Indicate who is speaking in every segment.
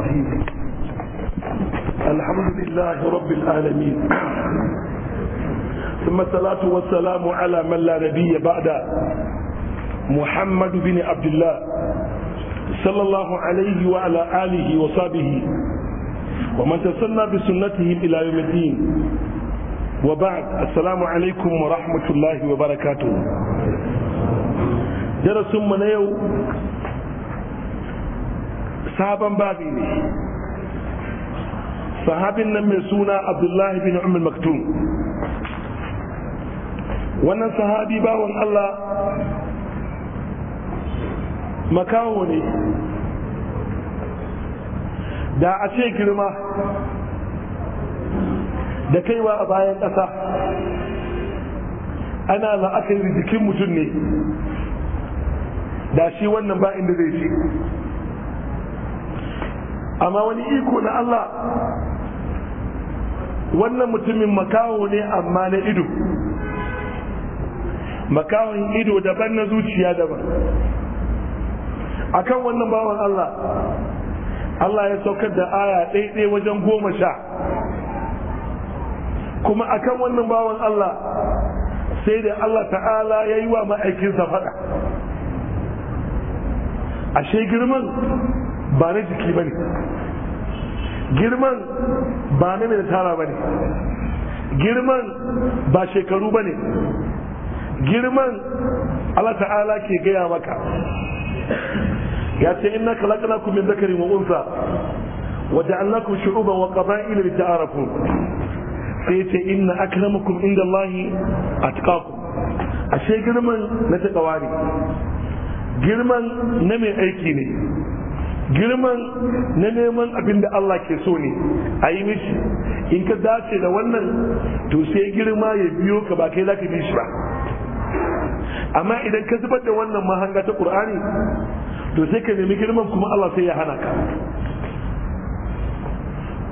Speaker 1: الرحيم الحمد لله رب العالمين ثم الصلاة والسلام على من لا نبي بعد محمد بن عبد الله صلى الله عليه وعلى آله وصحبه ومن تسنى بسنتهم إلى يوم الدين وبعد السلام عليكم ورحمة الله وبركاته درس من يوم sabon babi ne sahabin nan mai suna abdullahi bin umar maktum wannan sahabi bawan allah makawo ne da a ce girma da kaiwa a bayan ƙasa ana la'akari jikin mutum ne da shi wannan ba inda zai shi amma wani iko na Allah wannan mutumin makaho ne amma na ido makawon ido daban na zuciya daban akan wannan bawan Allah Allah ya saukar da aya ɗaiɗai wajen goma sha kuma akan wannan bawan Allah sai da Allah ta'ala ya yi wa ma'aikinsa faɗa ashe girman ba na jiki ba ne girman ba na mai tara ba ne girman ba shekaru ba ne girman Allah ta'ala ke gaya maka ya ce inna ku min zakari wa unsa wa ja'alnakum shu'uban wa qaba'ila ta'arafu sai ce inna akramakum inda Allah atqakum ashe girman na ta ne girman na mai aiki ne girman na neman abin da Allah ke so ne a yi mishi in ka dace da wannan to sai girma ya biyo ka ba kai za mishi ba amma idan ka zubar da wannan mahanga ta qur'ani to sai ka nemi girman kuma Allah sai ya hana ka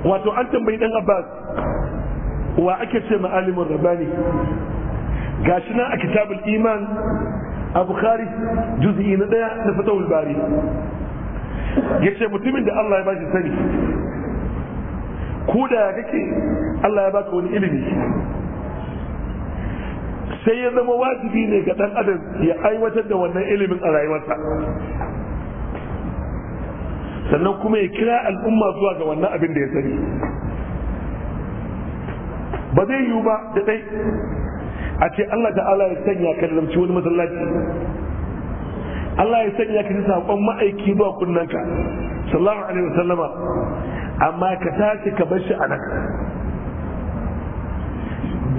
Speaker 1: wato an tambayi dan Abbas wa ake ce ma'alimin rabani gashi nan a kitabul iman a bukhari juz'i na daya na fatawul bari ya mutumin da Allah ya ba sani ko da kake Allah ya baka wani ilimi sai ya zama wajibi ne ga dan adam ya aiwatar da wannan ilimin a rayuwarsa sannan kuma ya kira al'umma zuwa ga wannan abin da ya sani ba zai yiwu ba da dai a ce Allah ta'ala ya sanya kallamci wani masallaci Allah ya sanya ka saƙon ma'aiki zuwa kunnanka sallallahu alaihi wasallama amma ka tashi ka bar shi a nan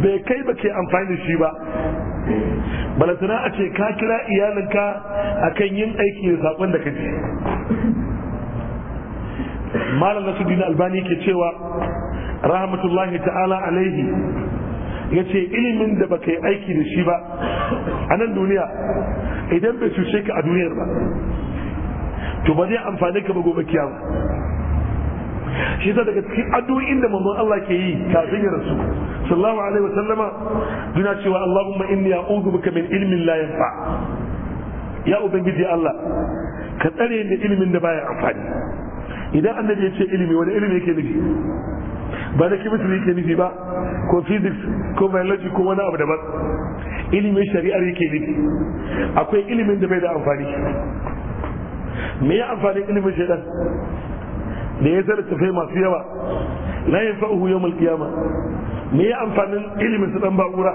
Speaker 1: bai kai ba ke amfani da shi ba balatana a ce ka kira iyalinka a kan yin aiki da saƙon da ka ji malam Dina albani ke cewa rahmatullahi ta'ala alaihi ya ce ilimin da baka yi aiki da shi ba a nan duniya idan bai cuce ka a duniyar ba to ba zai amfani ka ba gobe kiyama shi ta daga cikin addu'o'in da mamman Allah ke yi kafin ya rasu sallallahu alaihi wasallama duna cewa Allahumma inni a'udhu bika min ilmin la yanfa ya ubangiji Allah ka tsare ni ilimin da baya amfani idan annabi ya ce ilimi wani ilimi yake nufi ba na chemistry yake nufi ba ko physics ko biology ko wani abu daban ilimin shari'ar yake nufi akwai ilimin da bai da amfani me ya amfani ilimin shaidan da ya zara tafai masu yawa fa'uhu yau mulki qiyamah me ya amfanin ilimin su dan ba'ura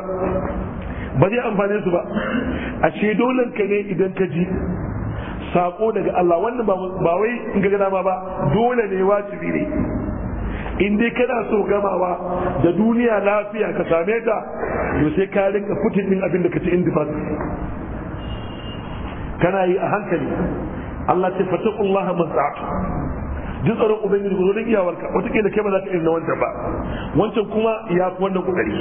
Speaker 1: ba zai amfani su ba ashe dolen ka ne idan ka ji sako daga Allah wannan ba wai in ga dama ba dole ne wajibi ne in dai kana so gamawa da duniya lafiya ka same ta to sai ka rinka fitin din abin da ka ci indifas kana yi a hankali Allah ce fatakullaha mas'atu duk tsaron ubangiji gudu don iyawarka kila kai ba za ka irin na wancan ba wancan kuma ya fi wannan kokari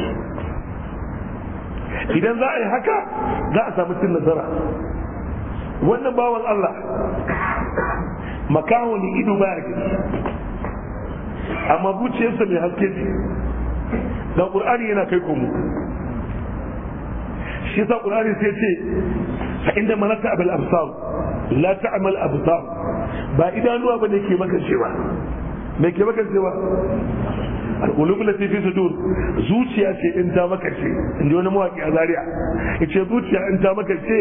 Speaker 1: idan za a yi haka za a samu cin nasara wannan bawan allah makaho ne ido baya gani amma zuciyarsa mai haske ce da ƙur'ani yana kai komo shi sa ƙur'ani sai ce a inda mana ta abal absar la amal absar ba idanuwa ba ne ke maka cewa me ke maka cewa alqulub lati fi sudur zuciya ce in ta maka ce in wani mawaƙi a zaria ce zuciya in ta maka ce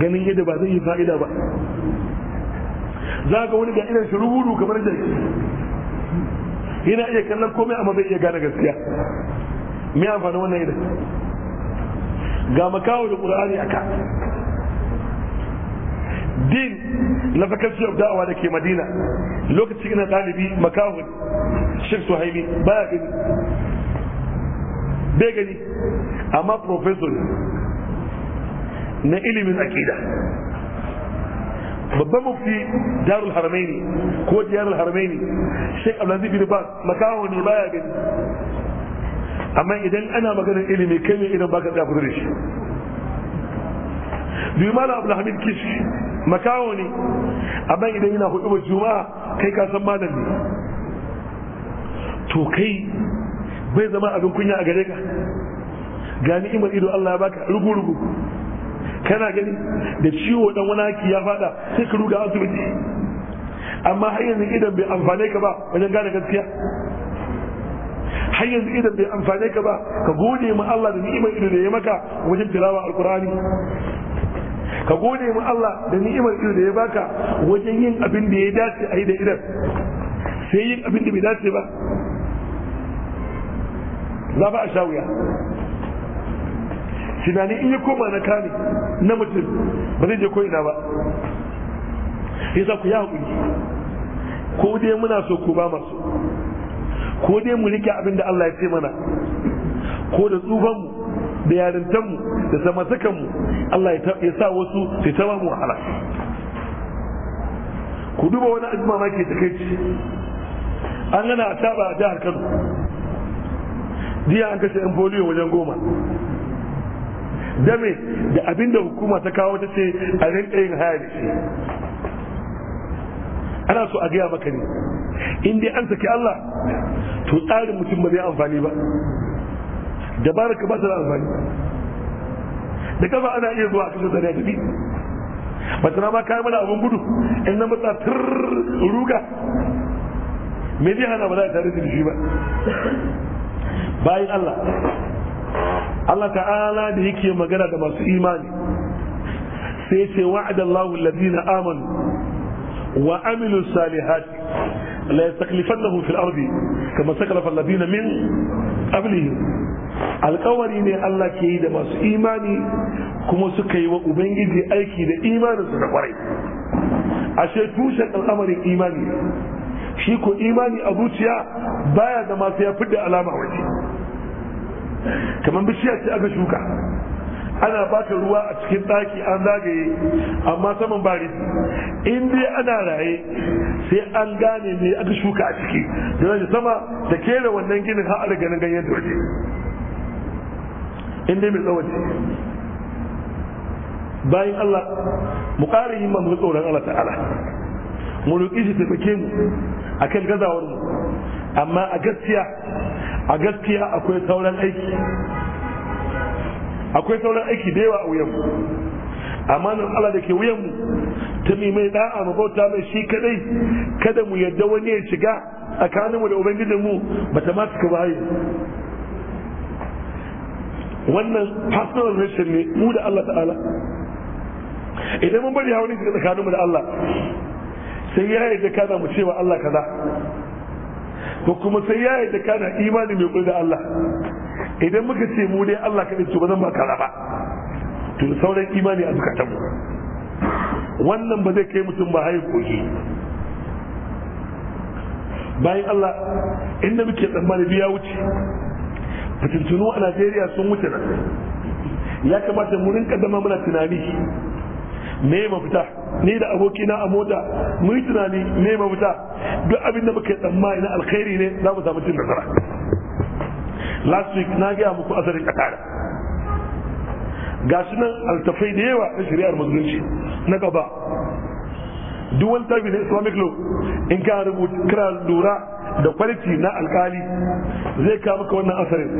Speaker 1: ganin yadda ba zai yi fa'ida ba za ga wani ga irin shi rubutu kamar jaki yana iya kallon komai amma bai iya gane gaskiya me amfani wannan idan ga makawo da qur'ani aka din na fakarci of da'awa da ke madina lokacin ina ɗalibi makawo shek suhaimi baya gani bai gani amma professor na ilimin akida babban mufti darul haramaini ko diyarul haramaini shi abdulaziz bin baz makawo ne baya gani amma idan ana maganar ilimi kai ne idan baka tsaya kudu da shi jumala Hamid kishi makawo ne amma idan yana hudu ba juma'a kai ka san malam ne to kai bai zama abin kunya a gare ka ga ni'imar ido Allah ya baka rugu rugu kana gani da ciwo dan wani haki ya fada sai ka ruga asibiti amma har yanzu idan bai amfane ka ba wajen gane gaskiya har yanzu idan bai amfane ka ba ka gode ma Allah da ni'imar ido da ya maka wajen tilawa alkurani ka gode ma Allah da ni'imar ido da ya baka wajen yin abin da ya dace a yi da idan sai yin abin da bai dace ba za ba a sha wuya tunanin in ya koma na kame na mutum ba zai je ko'ina ba yasa ku ya haƙuri ko dai muna so ko ba masu ko dai mu rike abin da Allah ya ce mana ko da tsufanmu da yarintanmu da samasakanmu Allah ya sa wasu sai ta wahala ku duba wani abin ma ta kai an gana a taba a jihar Kano jiya an kashe yan foliyo wajen goma da abin da abinda hukuma ta kawo ta ce a rinka yin haya da shi ana so a gaya maka ne in dai an saki Allah to tsarin mutum ba zai amfani ba dabarar ka ba ta amfani da kafa ana iya zuwa a kashe zariya tafi ba ta ma kayan mana abin gudu in na matsa ruga me zai hana ba za a tare da shi ba bayan Allah Allah ta'ala da yake magana da masu imani sai ce wa'ada Allahu alladhina amanu wa amilu salihati la yastaklifannahu fil ardi kama sakhlafa alladhina min qablihim alƙawari ne Allah ke yi da masu imani kuma suka yi wa ubangiji aiki da imaninsu da kwarai ashe tushen al'amarin imani shi ko imani a zuciya baya da masu ya da alama waje kamar bishiya ce aka shuka ana baka ruwa a cikin ɗaki an zagaye amma saman bari in dai ana raye sai an gane ne aka shuka a ciki da sama da kera wannan ginin har ganin ganyen da waje in dai mai tsawon bayan Allah mu ƙara yin mamu tsoron Allah ta'ala mu roƙi shi taimake mu akan gazawar mu amma a gaskiya a gaskiya akwai sauran aiki akwai sauran aiki da yawa a wuyanmu amma nan Allah da ke wuyanmu ta mai da'a mu bauta mai shi kadai kada mu yadda wani ya shiga tsakaninmu da mu ba ta ma suka bayi wannan personal relation ne mu da Allah ta'ala idan mun bari hawan shiga tsakaninmu da Allah sai ya yi da kaza mu cewa Allah kaza ko kuma sai ya yadda kana imani mai kuri da Allah idan muka ce mu dai Allah kaɗai ce ba zan ba kara ba to sauran imani a zukatanmu wannan ba zai kai mutum ba hayin koyi bayan Allah inda muke tsammani biya wuce fitintunu a Najeriya sun wuce nan ya kamata mu rinka zama muna tunani me mafita ni da abokina a mota mu yi tunani me mafita duk abin da muke tsammani na alkhairi ne za mu samu cin nasara last week na gaya muku azarin katara ga shi nan altafai da yawa na shari'ar musulunci na gaba duk wani tafi na islamic law in ka rubuta kira lura da kwaliti na alkali zai kawo maka wannan asarin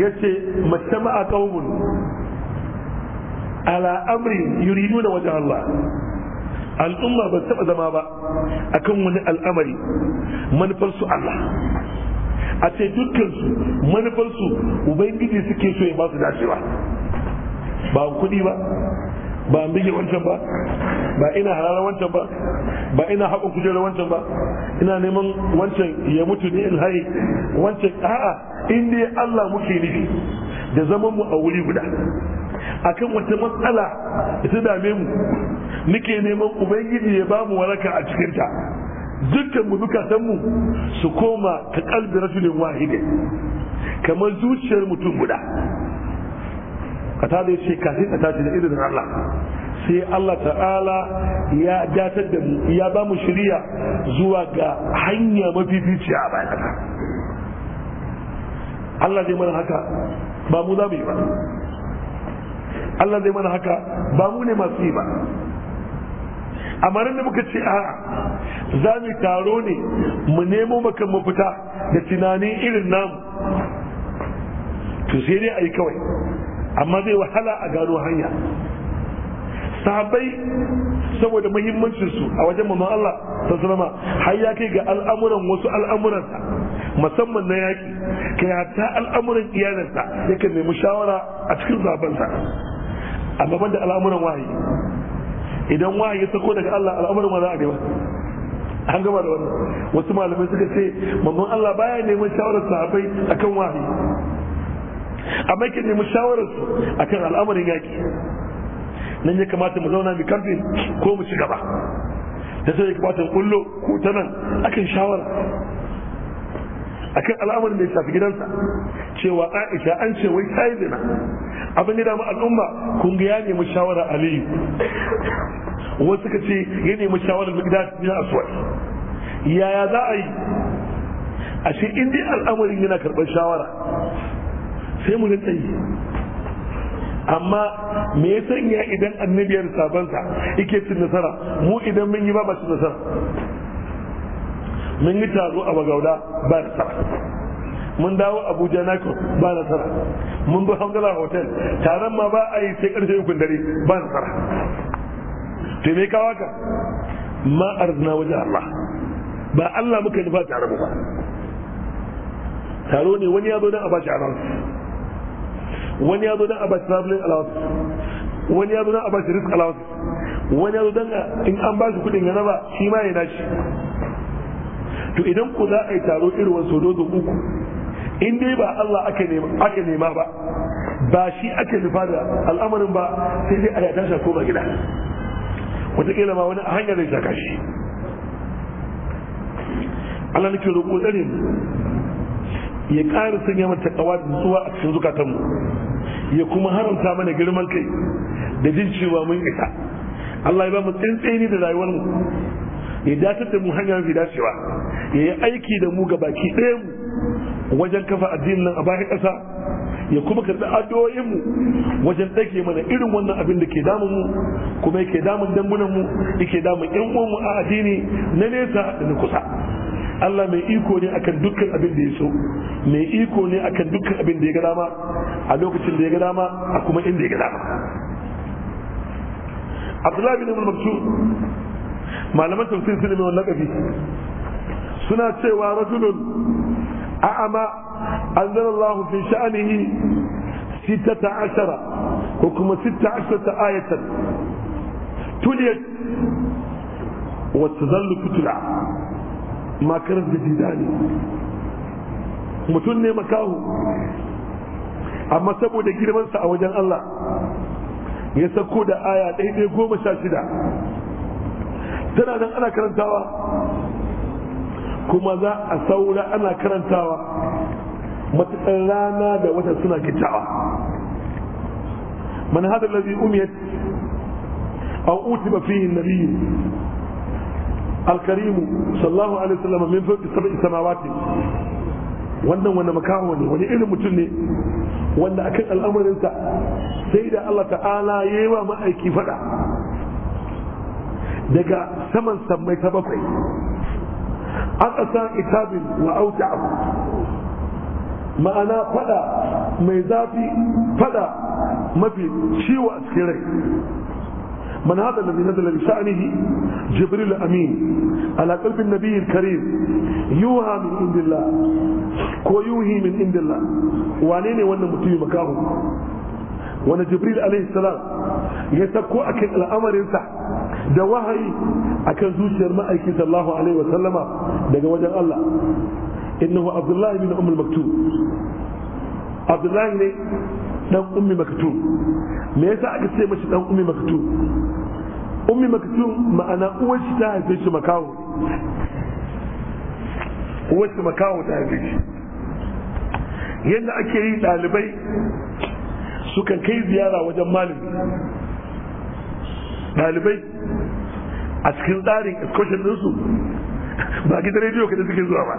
Speaker 1: yace mace ma'a kaumun ala amrin yuridu da wajen Allah al'umma ba taɓa zama ba akan wani al'amari manufarsu Allah a ce dukkansu manufarsu ubangiji suke so ya ba su dacewa ba kuɗi ba ba an bige wancan ba ba ina halala wancan ba ba ina haƙon kujerar wancan ba ina neman wancan ya mutu ne ilhari wancan a'a inda dai Allah muke nufi da zaman mu a wuri guda akan wata matsala da ta dame mu nake neman ubangiji ya bamu waraka a cikinta dukkan mu san mu su koma ka kalbi rasulin wahidin kamar zuciyar mutum guda ka ta da yace kafin ka tashi da irin Allah sai Allah ta'ala ya datar da mu ya ba mu shirya zuwa ga hanya mafificiya a bayan Allah zai mana haka ba mu za mu yi ba Allah zai mana haka ba mu ne masu yi ba amma da muka ce a'a za mu taro ne mu nemo maka mafita da tunanin irin namu to sai dai a yi kawai amma zai wahala a gano hanya sahabbai saboda muhimmancinsu a wajen manzon Allah ta zama har ya kai ga al'amuran wasu al'amuransa musamman na yaƙi kai hatta al'amuran iyalinsa yakan nemi shawara a cikin zabansa amma da al'amuran wahayi idan wahayi ya sako daga Allah al'amuran ma za a ba an gama da wannan wasu malamai suka ce mamman Allah baya neman shawarar sahabbai akan wahayi amma yake neman shawarar su akan al'amarin yaki nan ya kamata mu zauna mu kamfe ko mu ci gaba da sai ya kamata mu kullo ko ta nan akan shawara akan al'amarin da ya shafi gidansa cewa Aisha an ce wai ta yi zina abin da dama al'umma kun ga ya nemi shawara aliyu wasu suka ce ya nemi shawarar mikdad bin aswad yaya za a yi A in dai al'amarin yana karɓar shawara sai mu rinta yi amma me ya sanya idan annabiyar sabansa yake cin nasara mu idan mun yi ba ba cin nasara mun yi taro a bagauda ba da nasara mun dawo abuja na ba nasara mun zo hangala hotel taron ma ba a yi sai karshe uku dare ba nasara to me kawo ka ma arzina waje allah ba allah muka ba tare mu ba taro ne wani ya zo don a bashi allowance wani ya zo don a bashi traveling allowance wani ya zo don a bashi risk allowance wani ya zo don in an bashi kudin yana ba shi ma ya nashi to idan ku za a yi taro irin wasu dozo uku in dai ba Allah aka nema ba ba shi ake nufa da al'amarin ba sai dai a yata shi ba gida wataƙila ma wani a hanyar zai saka shi Allah nake roƙo tsare ya ƙara sanya mata takawa da nutsuwa a cikin zukatanmu ya kuma haramta mana girman kai da jin cewa mun isa Allah ya ba mu tsintsini da rayuwar mu ya dace da mu hanyar mafi dacewa ya yi aiki da mu ga baki ɗaya mu wajen kafa addinin nan a bayan ƙasa ya kuma karɓi addu'o'inmu wajen ɗage mana irin wannan abin da ke damun mu kuma yake damun dangunan mu yake damun ƴan uwanmu a addini na nesa da na kusa Allah mai iko ne akan dukkan abin da ya so mai iko ne akan dukkan abin da ya ga dama a lokacin da ya ga dama a kuma inda ya ga dama Abdullahi bin Umar malaman tafsir sun mai wannan kafi suna cewa rajulun أعمى أنزل الله في شأنه ستة عشر حكم ستة عشرة آية تليت وتظل تتلع ما كانت بديداني mutum ne makaho, amma saboda girmansa a wajen Allah ya sako da aya ɗaya goma sha shida tana nan ana karantawa kuma za a saura ana karantawa matuƙar rana da wata suna gittawa man hada lazi umiyat a uti ba fihin nabiyyu alkarimu sallallahu alaihi wasallam min fawqi sab'i samawati wannan wani makaho ne wani irin mutum ne wanda akan al'amarinsa sai da Allah ta'ala ya yi wa ma'aiki fada daga saman sammai ta bakwai aqsa itabin wa auta ma'ana fada mai zafi fada mafi ciwo a cikin rai من هذا الذي نزل بشأنه جبريل الأمين على قلب النبي الكريم يوها من عند الله ويوهي من عند الله وانيني وانا متي مكاهم wani jibril alaihi salam ya sako akan al'amarinsa da wahayi a kan zuciyar ma'aikin sallahu alaihi wa sallama daga wajen Allah innahu abdullahi bin Umar maktub abdullahi ne dan ummi maktub me yasa aka ce mashi dan ummi maktub ummi maktub ma'ana uwar shi ta haife shi makawo uwar shi makawo ta haife shi yadda ake yi dalibai sukan kai ziyara wajen malami ɗalibai a cikin tsarin excursion ɗinsu ba gidan rediyo kada suke zuwa ba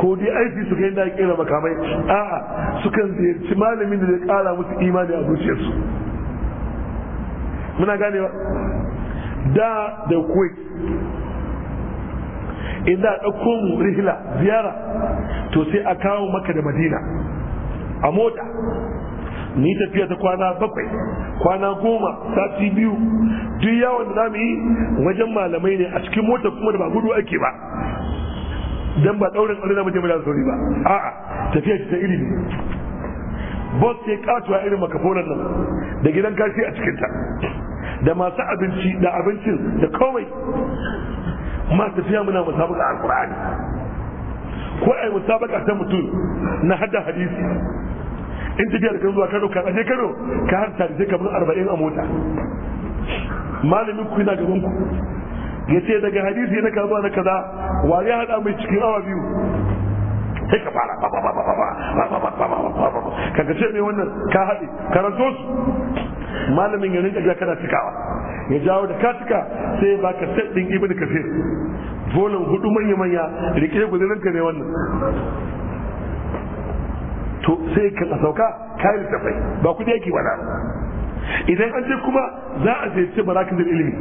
Speaker 1: ko dai aiki suka yi naƙi na makamai a'a sukan ziyarci malamin da zai kara musu imani a zuciyarsu muna ganewa da da kuwait inda ɗauko mu rihila ziyara to sai a kawo maka da madina a mota ni tafiya ta kwana bakwai kwana goma sati biyu duk yawon da zamu yi wajen malamai ne a cikin mota kuma da ba gudu ake ba dan ba daurin aure na mutum da sauri ba a'a tafiya ta ilimi bos sai katuwa irin makafonan nan da gidan kashi a cikinta da masu abinci da abincin da komai masu tafiya muna musabaka alkur'ani ko ai musabaka ta mutum na hada hadisi in tafiyar kan zuwa kano ka tsaje kano ka harta da kamar arba'in a mota malamin ku yana gaban ku ya ce daga hadisi na kaza na kaza wa ya hada mai cikin awa biyu sai ka fara kaga ce mai wannan ka haɗe karanto su malamin yanin kaga kana cikawa ya jawo da katika sai ba ka set kafir Bolan hudu manya manya rike gudunan ne wannan to sai ka sauka kayan tafai ba kudi yake wada idan an je kuma za a ziyarci da ilimi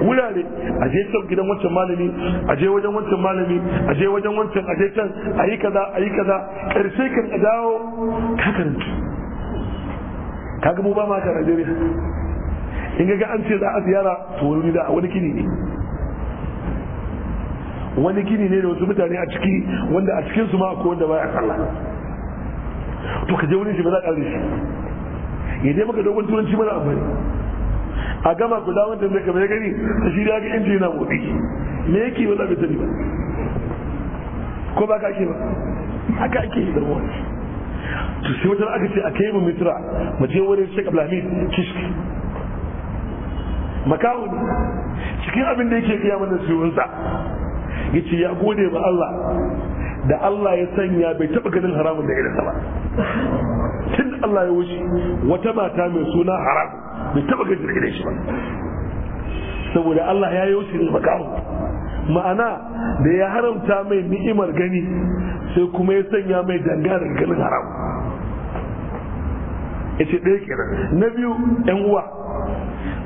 Speaker 1: wurare a je can gidan wancan malami a je wajen wancan malami a je wajen wancan a je can a yi kaza a yi kaza karshe kan dawo ka karanta ga mu ba ma ka Najeriya in ga an ce za a ziyara to wani da wani kini ne wani gini ne da wasu mutane a ciki wanda a cikinsu ma akwai wanda baya sallah to ka je wurin shi ba za ka shi ya je maka dogon turanci mana amfani a gama guda wanda mai kamar gani a shi da ga inji yana motsi me yake za ka sani ba ko ba ka ake ba haka ake yi darwa to sai wata aka ce a kai mu mitra mu je wurin Sheikh Abdulhamid Kishki makawun cikin abin da yake gaya mana suyunsa yace ya gode ba Allah da Allah ya sanya bai taɓa ganin haramun da irinsa ba tun Allah ya wuce wata mata mai suna haram bai taɓa ganin irin shi ba saboda Allah ya yi wuce da ma'ana da ya haramta mai ni'imar gani sai kuma ya sanya mai dangarar ganin haram ɗaya kenan na biyu yan uwa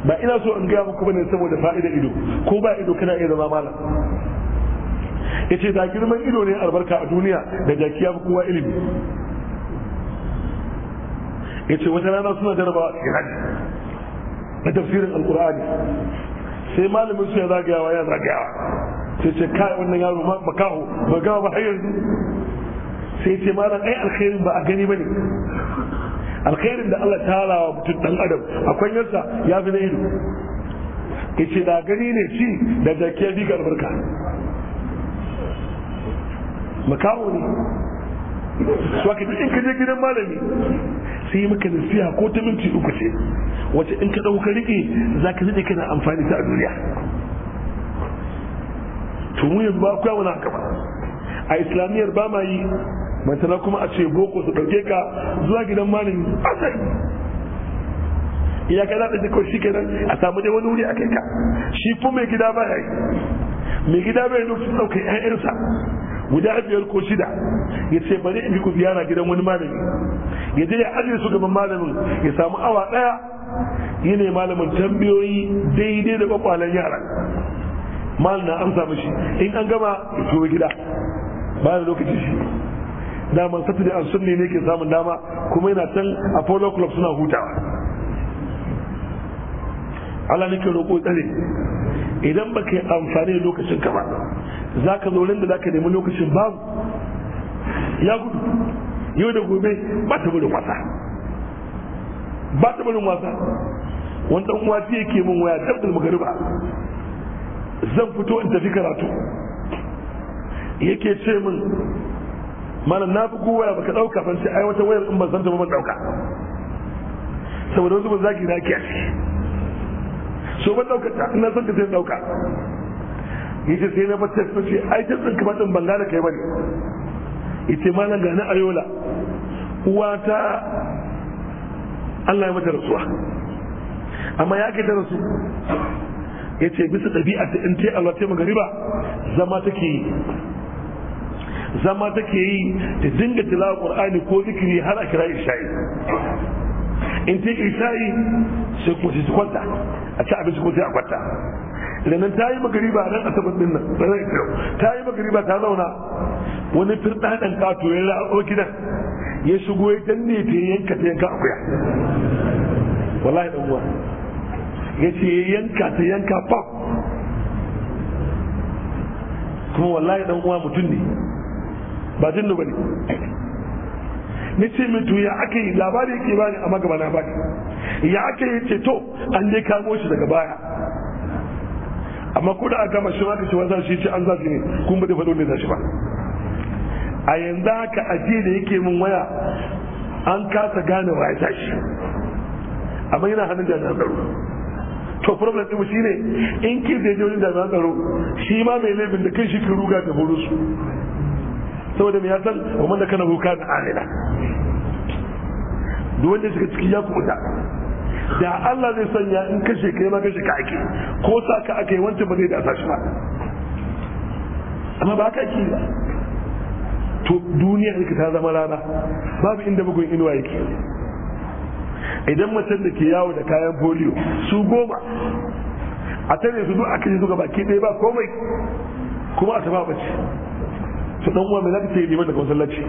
Speaker 1: ba ina so in gaya muku bane saboda fa'ida ido ko ba ido kana iya zama malam ya ce da girman ido ne albarka a duniya da jakiya ya fi kowa ilimi ya ce wata rana suna jarabawa irani na tafsirin alkur'ani sai malamin su ya zagayawa ya zagayawa sai ce kai wannan yaro makaho ba gawa ba har yanzu sai ce malam ai alkhairin ba a gani ba ne? alkhairin da Allah ta halawa mutum dan adam a kwanyarsa ya fi na ido yace da gani ne shi da jakiya ya ga albarka makawo ne duk in ka je gidan malami sai maka nasiha ko ta minti uku ce wacce in ka ɗauka riƙe za ka zai kana amfani ta a duniya to mu yanzu ba kuwa wani haka ba a islamiyyar ba ma yi mantana kuma a ce boko su ɗauke ka zuwa gidan malami asali iya ka zaɓe jikon shi kenan a samu dai wani wuri a kai ka shi kuma mai gida ba ya yi mai gida bai nufi ɗaukar 'ya'yansa guda biyar ko shida ya ce bari in bi ku ziyara gidan wani malami ya je ya ajiye su gaban malamin ya samu awa ɗaya yi ne malamin tambayoyi daidai da kwakwalen yara mal na amsa mashi in an gama ya gida ba da lokaci shi daman saturday da sunday ne ke samun dama kuma yana can a polo club suna hutawa Allah nake roƙo tsare idan baka yi amfani da lokacin ka ba za ka zo da za ka nemi lokacin babu ya gudu yau da gobe ba ta gudun wasa ba ta gudun wasa wani dan uwa fiye ke min waya dab da magariba zan fito in tafi karatu yake ce min mana na fi waya baka dauka ban sai ai wata wayar in ban san ta ban dauka saboda wasu ban zaki zaki a so ban dauka ta ina san ta sai dauka yace sai na bata su ce ai ta tsinka din banga da kai bane yace ga na ayola uwata Allah ya mata rasuwa amma ya ke ta rasu yace bisa dabi'a ta in ce Allah ta magariba zama take yi zama take yi ta dinga tilawa qur'ani ko zikiri har a kira isha'i in ta isha'i sai ku ji kwanta a ci abinci ko sai a kwanta ranar ta yi magariba nan asabar din nan ranar ikirau ta yi magariba ta zauna wani firɗaɗen ƙato ya ra'o gidan ya shigo ya danne ta yanka ta yanka akuya wallahi ɗan uwa ya ce ya yanka ta yanka pop kuma wallahi ɗan uwa mutum ne ba jinnu ba ne ni ce mutu ya ake yi labari ke bani a magabana ba ya ake yi ce to an je kamo shi daga baya amma ko da aka kama shi ma ka ce wanda shi ce an zafi ne kun bude faɗo ne zashi ba a yanzu haka aje da yake min waya an kasa gane wa ya tashi amma yana hannun jami'an tsaro to problem ɗin shi ne in ki da je wajen jami'an tsaro shi ma mai laifin da kai shi kan ruga da buru su saboda mai ya san wa man kana huka na alila duk wanda shiga ciki ya kuɓuta da Allah zai sanya in kashe kai ma kashe ka ake ko sa ka ake wancan ba zai da sashi ba amma ba ka ake ba to duniyar ka ta zama rana babu inda bugun inuwa yake idan mutum da ke yawo da kayan polio su goma a tare su duk a kashe su gaba ke ɗaya ba komai kuma a tafa bace su dan uwa mai zaka ce ne mata masallaci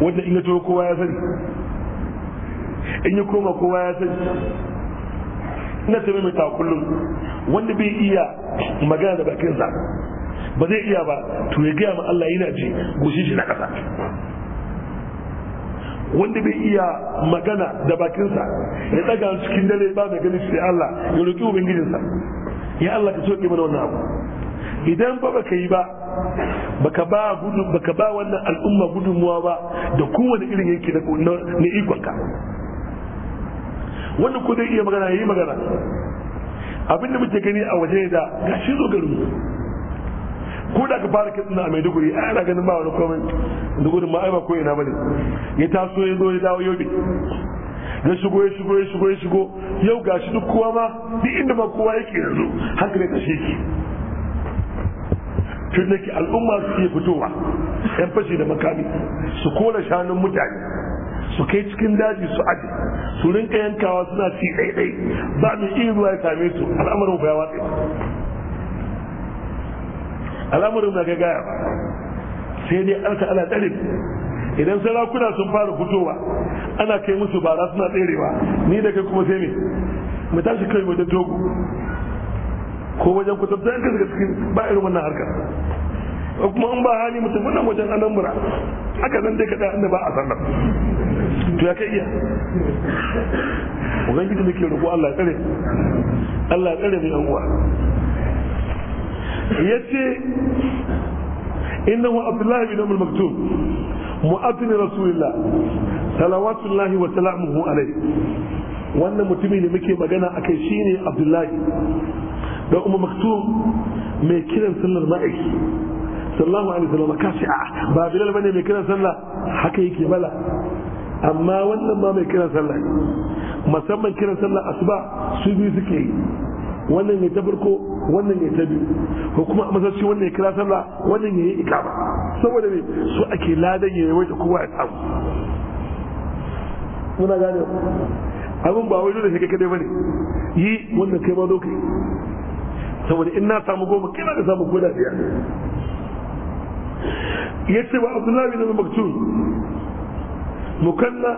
Speaker 1: wanda in ya kowa ya sani in ya koma kowa ya san ina ta maimaita kullum wanda bai iya magana da bakinsa ba zai iya ba to ya gaya ma Allah yana ji goshin shi na ƙasa wanda bai iya magana da bakinsa ya daga cikin dare ba da gani sai Allah ya roƙi ubangijinsa ya Allah ka soke mana wannan abu idan ba baka yi ba baka ba gudu baka ba wannan al'umma gudunmuwa ba da kowane irin yake na ikonka wanda ko zai iya magana yayi magana abinda muke gani a waje da gashi zo garin ko da ka fara kitsin a Maiduguri ai ana ganin ba wani komai da gudun ma ai ba ko ina bane ya taso ya zo ya dawo yobe ya shigo ya shigo ya shigo ya shigo yau gashi duk kowa ma duk inda ba kowa yake yanzu hankali ka ki tun da ke al'umma su iya fitowa yan fashi da makami su kola shanun mutane su kai cikin daji su aji su rinka yankawa suna ci ɗaiɗai ba mu yi ruwa ya same su al'amarin ba ya watsa al'amarin ga gaya ba sai dai an ta ala ɗalib idan sarakuna sun fara fitowa ana kai musu bara suna tserewa ni da kai kuma sai me mu tashi kai wajen togo ko wajen kutabta yanka daga cikin ba irin wannan harkar ko kuma an ba hali mutum wannan wajen anambra haka zan dai kaɗa annaba a sallar to ya kai iya ubangiji nake roƙo Allah ya tsare Allah ya tsare mu yan uwa yace innahu abdullahi bin umar maktum mu'azzin rasulillah salawatullahi wa salamuhu alayhi wannan mutumin ne muke magana akai shine abdullahi da umar maktum mai kiran sallar ma'aiki sallallahu alaihi wasallam ka ce a ba bilal bane mai kiran sallah haka yake bala amma wannan ma mai kiran sallah musamman kiran sallah asuba su biyu suke yi wannan ya ta farko wannan ya ta biyu ko kuma a masarci wannan ya kira sallah wannan ya yi ikama saboda ne su ake ladan ya yawaita kowa ya samu muna gane abin ba wai dole shi ba bane yi wannan kai ma zo kai saboda in na samu goma kina da samu goma ya ya ce wa abdullahi bin maktum mukanna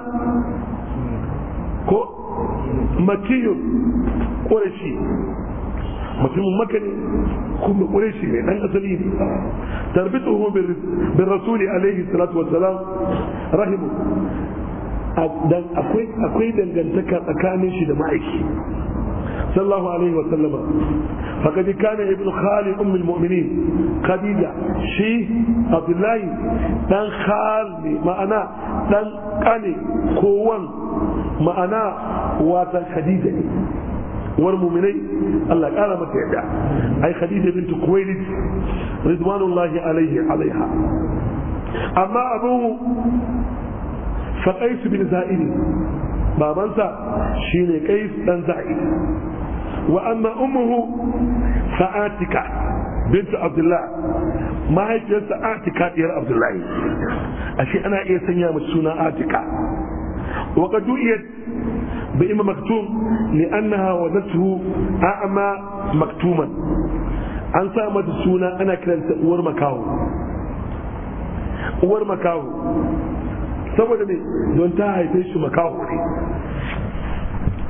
Speaker 1: ko makiyun ƙorashi mutumin maka kuma ƙureshi ne ɗan asali ne tarbitu hu bin rasuli alaihi salatu wassalam rahimu akwai dangantaka tsakanin shi da ma'aiki صلى الله عليه وسلم فقد كان ابن خال أم المؤمنين خديجة شي عبد الله دان خال معنا دان قني كوان معنا واتن خديجة والمؤمنين الله قال ما تعدى أي خديجة بنت كويلد رضوان الله عليه عليها أما أبوه فقيس بن زائد babansa shine kais dan za'i wa amma ummuhu fa'atika bintu abdullah mahaifiyarsa atika diyar abdullahi ashe ana iya sanya mu suna atika wa qad بإما مكتوم لأنها ولدته أعمى مكتوما an sa mata suna ana kiranta uwar makaho uwar makaho saboda ne don ta haife shi makaho ne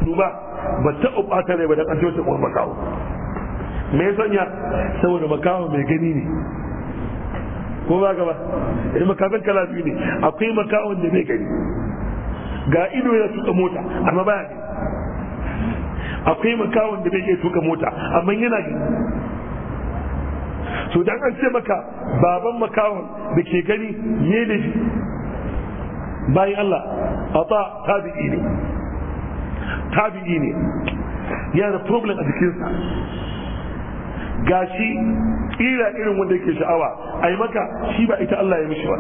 Speaker 1: duba ba ta ubata ne ba da kanto ta uwar makawo me ya sanya saboda makawo mai gani ne ko ba gaba idan makafin kala biyu ne akwai makawon da bai gani ga ido ya tuka mota amma ya gani akwai makawon da bai iya tuka mota amma yana gani to dan an ce maka baban makawon da ke gani ne da bayan Allah ata ta tabi'i ne tabi'i ne ya da problem a jikinsa gashi ƙira irin wanda yake sha'awa a yi maka shi ba ita Allah ya mishi ba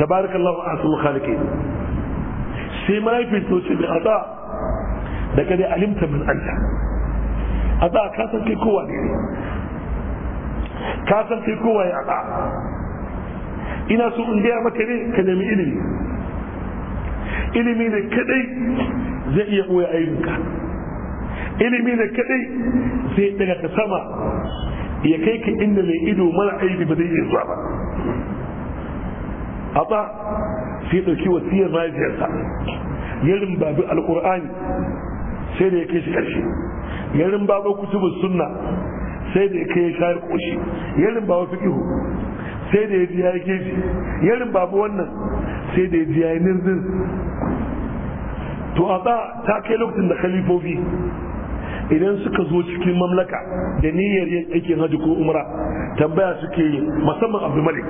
Speaker 1: tabarakallahu asul khaliqin sai mahaifin to ce mai aza da kada alimta min Allah aza ka san kai kowa ne ka san kai kowa ya aza ina so in gaya maka ne ka nemi ilimi ilimi ne kadai zai iya ɓoye ayyuka ilimi ne kaɗai sai daga ka sama ya kai ka inda mai ido mara aibi ba zai iya zuwa ba a ba sai ɗauki wasiyar mahaifiyarsa ya rimbabi alƙur'ani sai da ya kai shi ƙarshe ya rimbabi kutubu sunna sai da ya kai ya shayar ƙoshi ya rimbabi fiƙihu sai da ya ji ya yi keji ya rimbabi wannan sai da ya ji ya yi nirzin to a ta kai lokacin da khalifofi idan suka zo cikin mamlaka da niyyar yin aikin hajji ko umra tambaya suke yi musamman abu malik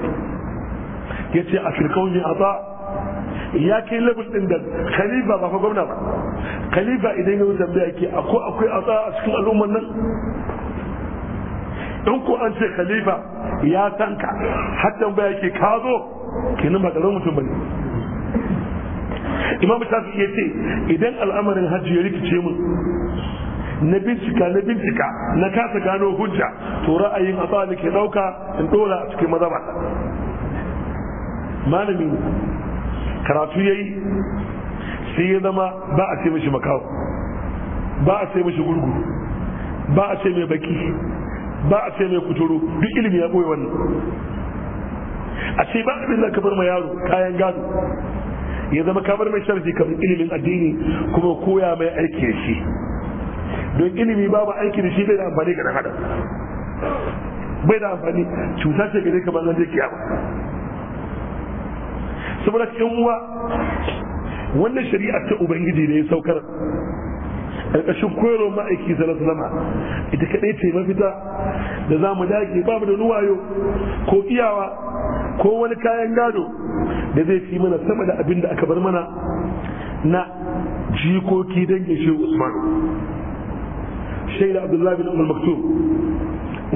Speaker 1: ya ce a firkaunin ata ya kai lokacin da khalifa ba fa gwamna ba khalifa idan yau tambaya ke akwai akwai ata a cikin al'ummar nan in ko an ce khalifa ya tanka har tambaya ke ka zo kenan ba mutum mutum bane imam shafi ya ce idan al'amarin hajji ya rikice mu na bincika na bincika na kasa gano hujja to ra'ayin a ke ɗauka in ɗora a cikin mazaba malami karatu ya yi sai ya zama ba a ce mishi makawo ba a ce mishi gurgu ba a ce mai baki ba a ce mai kuturu duk ilimi ya ɓoye wannan a ce ba a da ka bar ma yaro kayan gado ya zama kamar mai sharfi kamar ilimin addini kuma koya mai aiki da shi don ilimi babu aiki da shi bai da amfani ga dan adam bai da amfani cuta ce gare kamar zan je ba saboda yan uwa wannan shari'a ta ubangiji ne ya saukar ƙarƙashin koyarwar ma'aiki salama ita kaɗai ce mafita da za mu dage ba mu da nuwayo ko iyawa ko wani kayan gado da zai fi mana sama da abin da aka bar mana na jikoki dangin shehu usman shaida abdullahi bin umar maktum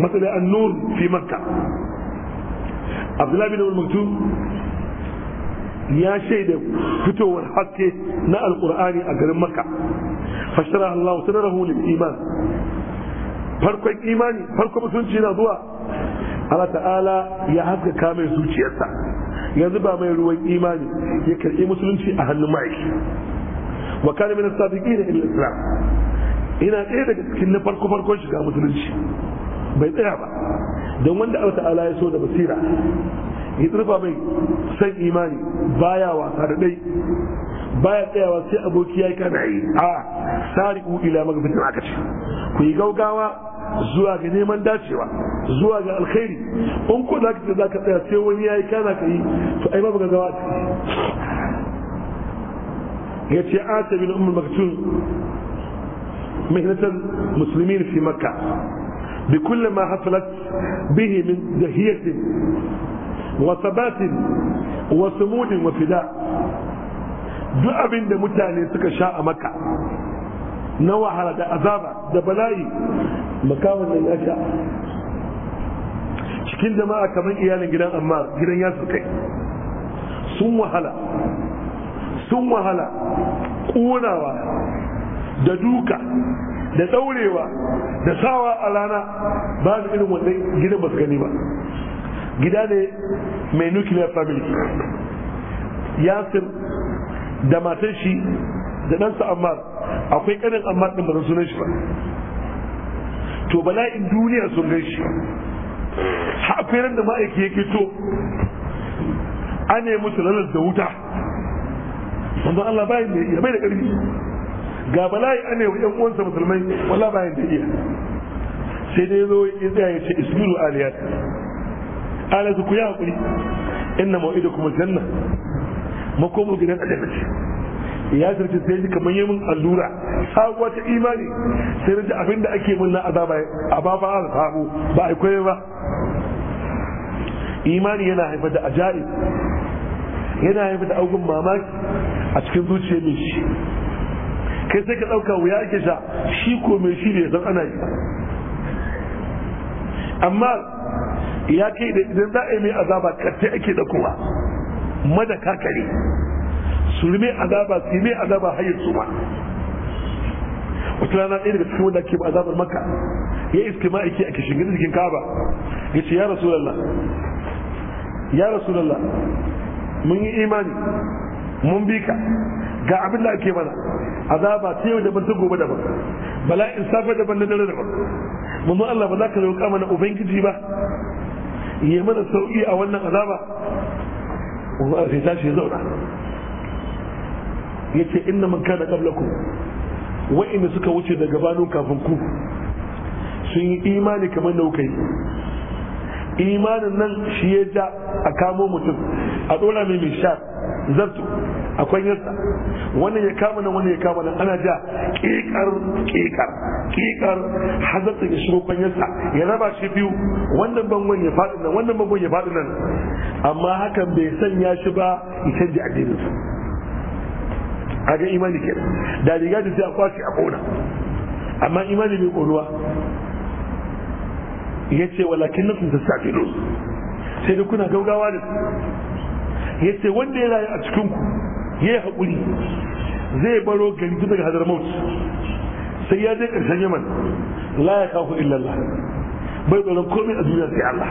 Speaker 1: matsalai an nur fi makka abdullahi bin umar maktum ya shaida fitowar haske na alkur'ani a garin makka fashara Allah sadrahu lil iman farkon imani farkon musulunci na zuwa Allah ta'ala ya haskaka mai zuciyarsa yanzu ba mai ruwan imani ya karɓi musulunci a hannun ma'aiki wa kana min as-sabiqina ila islam ina ɗaya daga cikin na farko farkon shiga musulunci bai tsaya ba don wanda Allah ta'ala ya so da basira ya mai san imani baya wasa da dai baya tsayawa sai aboki ya yi kana yi a sari'u ila magafitin aka ce ku yi gaugawa zuwa ga neman dacewa zuwa ga alkhairi in ku za ka ce tsaya sai wani ya yi kana ka yi to ai babu gaggawa ya ce ta bin umar maktun مهنة المسلمين fi makka, بكل ما حصلت bihi min dahiyatin وثبات وصمود وفداء duk abin da mutane suka sha a maka na wahala da azaba da bala'i makawan nan ya sha cikin jama'a kamar iyalin gidan amma gidan ya kai sun wahala sun wahala ƙunawa da duka da ɗaurewa da sawa a rana ba da irin wannan gidan ba su gani ba gida ne mai nuclear family yasir da matan shi da ɗansa ammar akwai ƙanin ammar ɗin ba zan sunan shi ba to bala'in duniya sun gan shi akwai ran da ma'aiki yake to an yi musu lalar da wuta wanda Allah bayan da iya bai da ƙarfi ga bala'i an yi wa ‘yan uwansa musulmai wala bayan da iya sai dai zo ya tsaya ya ce isbiru aliyata ala ku ya hakuri inna mau'idu kuma janna makomo gidan aljanna ya sarki sai ji kamar yamin allura sabuwa ta imani sai da abin da ake mun na azaba a ba ba sabo ba a koyi ba imani yana haifar da ajaib yana haifar da augun mamaki a cikin zuciyar mai shi kai sai ka ɗauka wuya ake sha shi ko mai shi ne zan ana yi amma ya ce da idan za a yi mai azaba kace ake da kowa mada kakare su mai azaba su mai azaba hayar su ma wata rana ɗaya daga cikin wanda ke ba azabar maka ya iske ma'aiki a kishin gina jikin kaba ya ce ya rasulallah ya rasulallah mun yi imani mun bi ka ga abin da ake mana azaba ta yau daban ta gobe daban bala'in safe daban na dare daban mun Allah ba za ka roƙa mana ubangiji ba yi mana sauƙi a wannan azaba a sai tashi zauna ya ce inna man kana qablakum wa'inda suka wuce da gabanin kafin ku sun yi imani kamar da kuka imanin nan shi ya ja a kamo mutum a dora mai mai sha zartu akwai yasa wannan ya kama nan wannan ya kama nan ana ja ƙiƙar, ƙiƙar. hakikar hazarta ya shigo kwanyarsa ya raba shi biyu wannan bangon ya faɗi nan wannan bangon ya faɗi nan amma hakan bai sanya shi ba ya canja addininsa ga imani ke da riga da sai a kwashi a kona amma imani bai ƙoruwa ya ce walakin nasu ta filo. sai da kuna gaugawa da su ya ce wanda ya rayu a cikinku ya yi haƙuri zai baro gari tun daga hadar mawuci sai ya je karshen yaman la ya kafu illallah bai tsoron komai a duniya sai Allah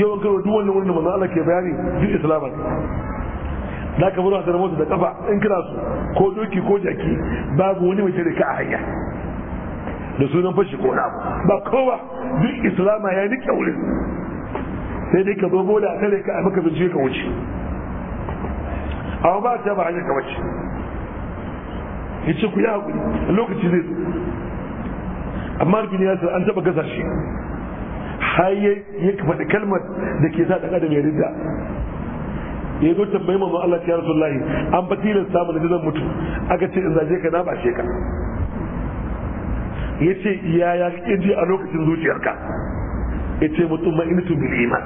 Speaker 1: yawan karo duk wannan wurin da manzo Allah ke bayani duk ne. da ka mura da mota da kafa in kira su ko doki ko jaki babu wani mai tare ka a hanya da sunan fashi ko na ba kowa duk islama ya rike wurin sai dai ka zo boda a tare ka a maka bincike ka wuce amma ba ta ba hanyar ka wuce ya ce ku yi haƙuri lokaci zai zo amma rufin ya an taɓa gaza shi haye ya faɗi kalmar da ke sa ɗan adam ya rinda ya zo tambayi mamman Allah ya rasu Allah an ba tilin samun da zan mutu aka ce in zaje ka na ba sheka ya ce yaya kake ji a lokacin zuciyarka ya ce mutum ma bil iman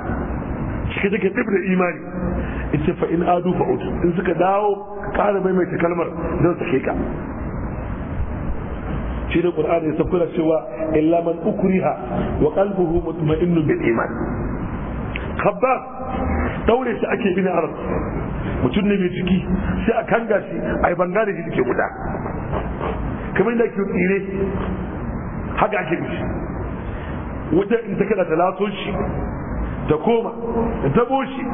Speaker 1: shi take tafi da imani ita fa in adu fa utu in suka dawo ka kara maimaita kalmar zan sake ka shi da qur'ani ya sabkura cewa illa man ukriha wa qalbuhu mutma'innun bil iman khabbab daure shi ake bin arab mutum ne mai ciki sai a kanga shi ai bangare gane shi take guda kamar da ke tsire haka ake mishi wajen in ta kada ta shi ta koma ta tabo shi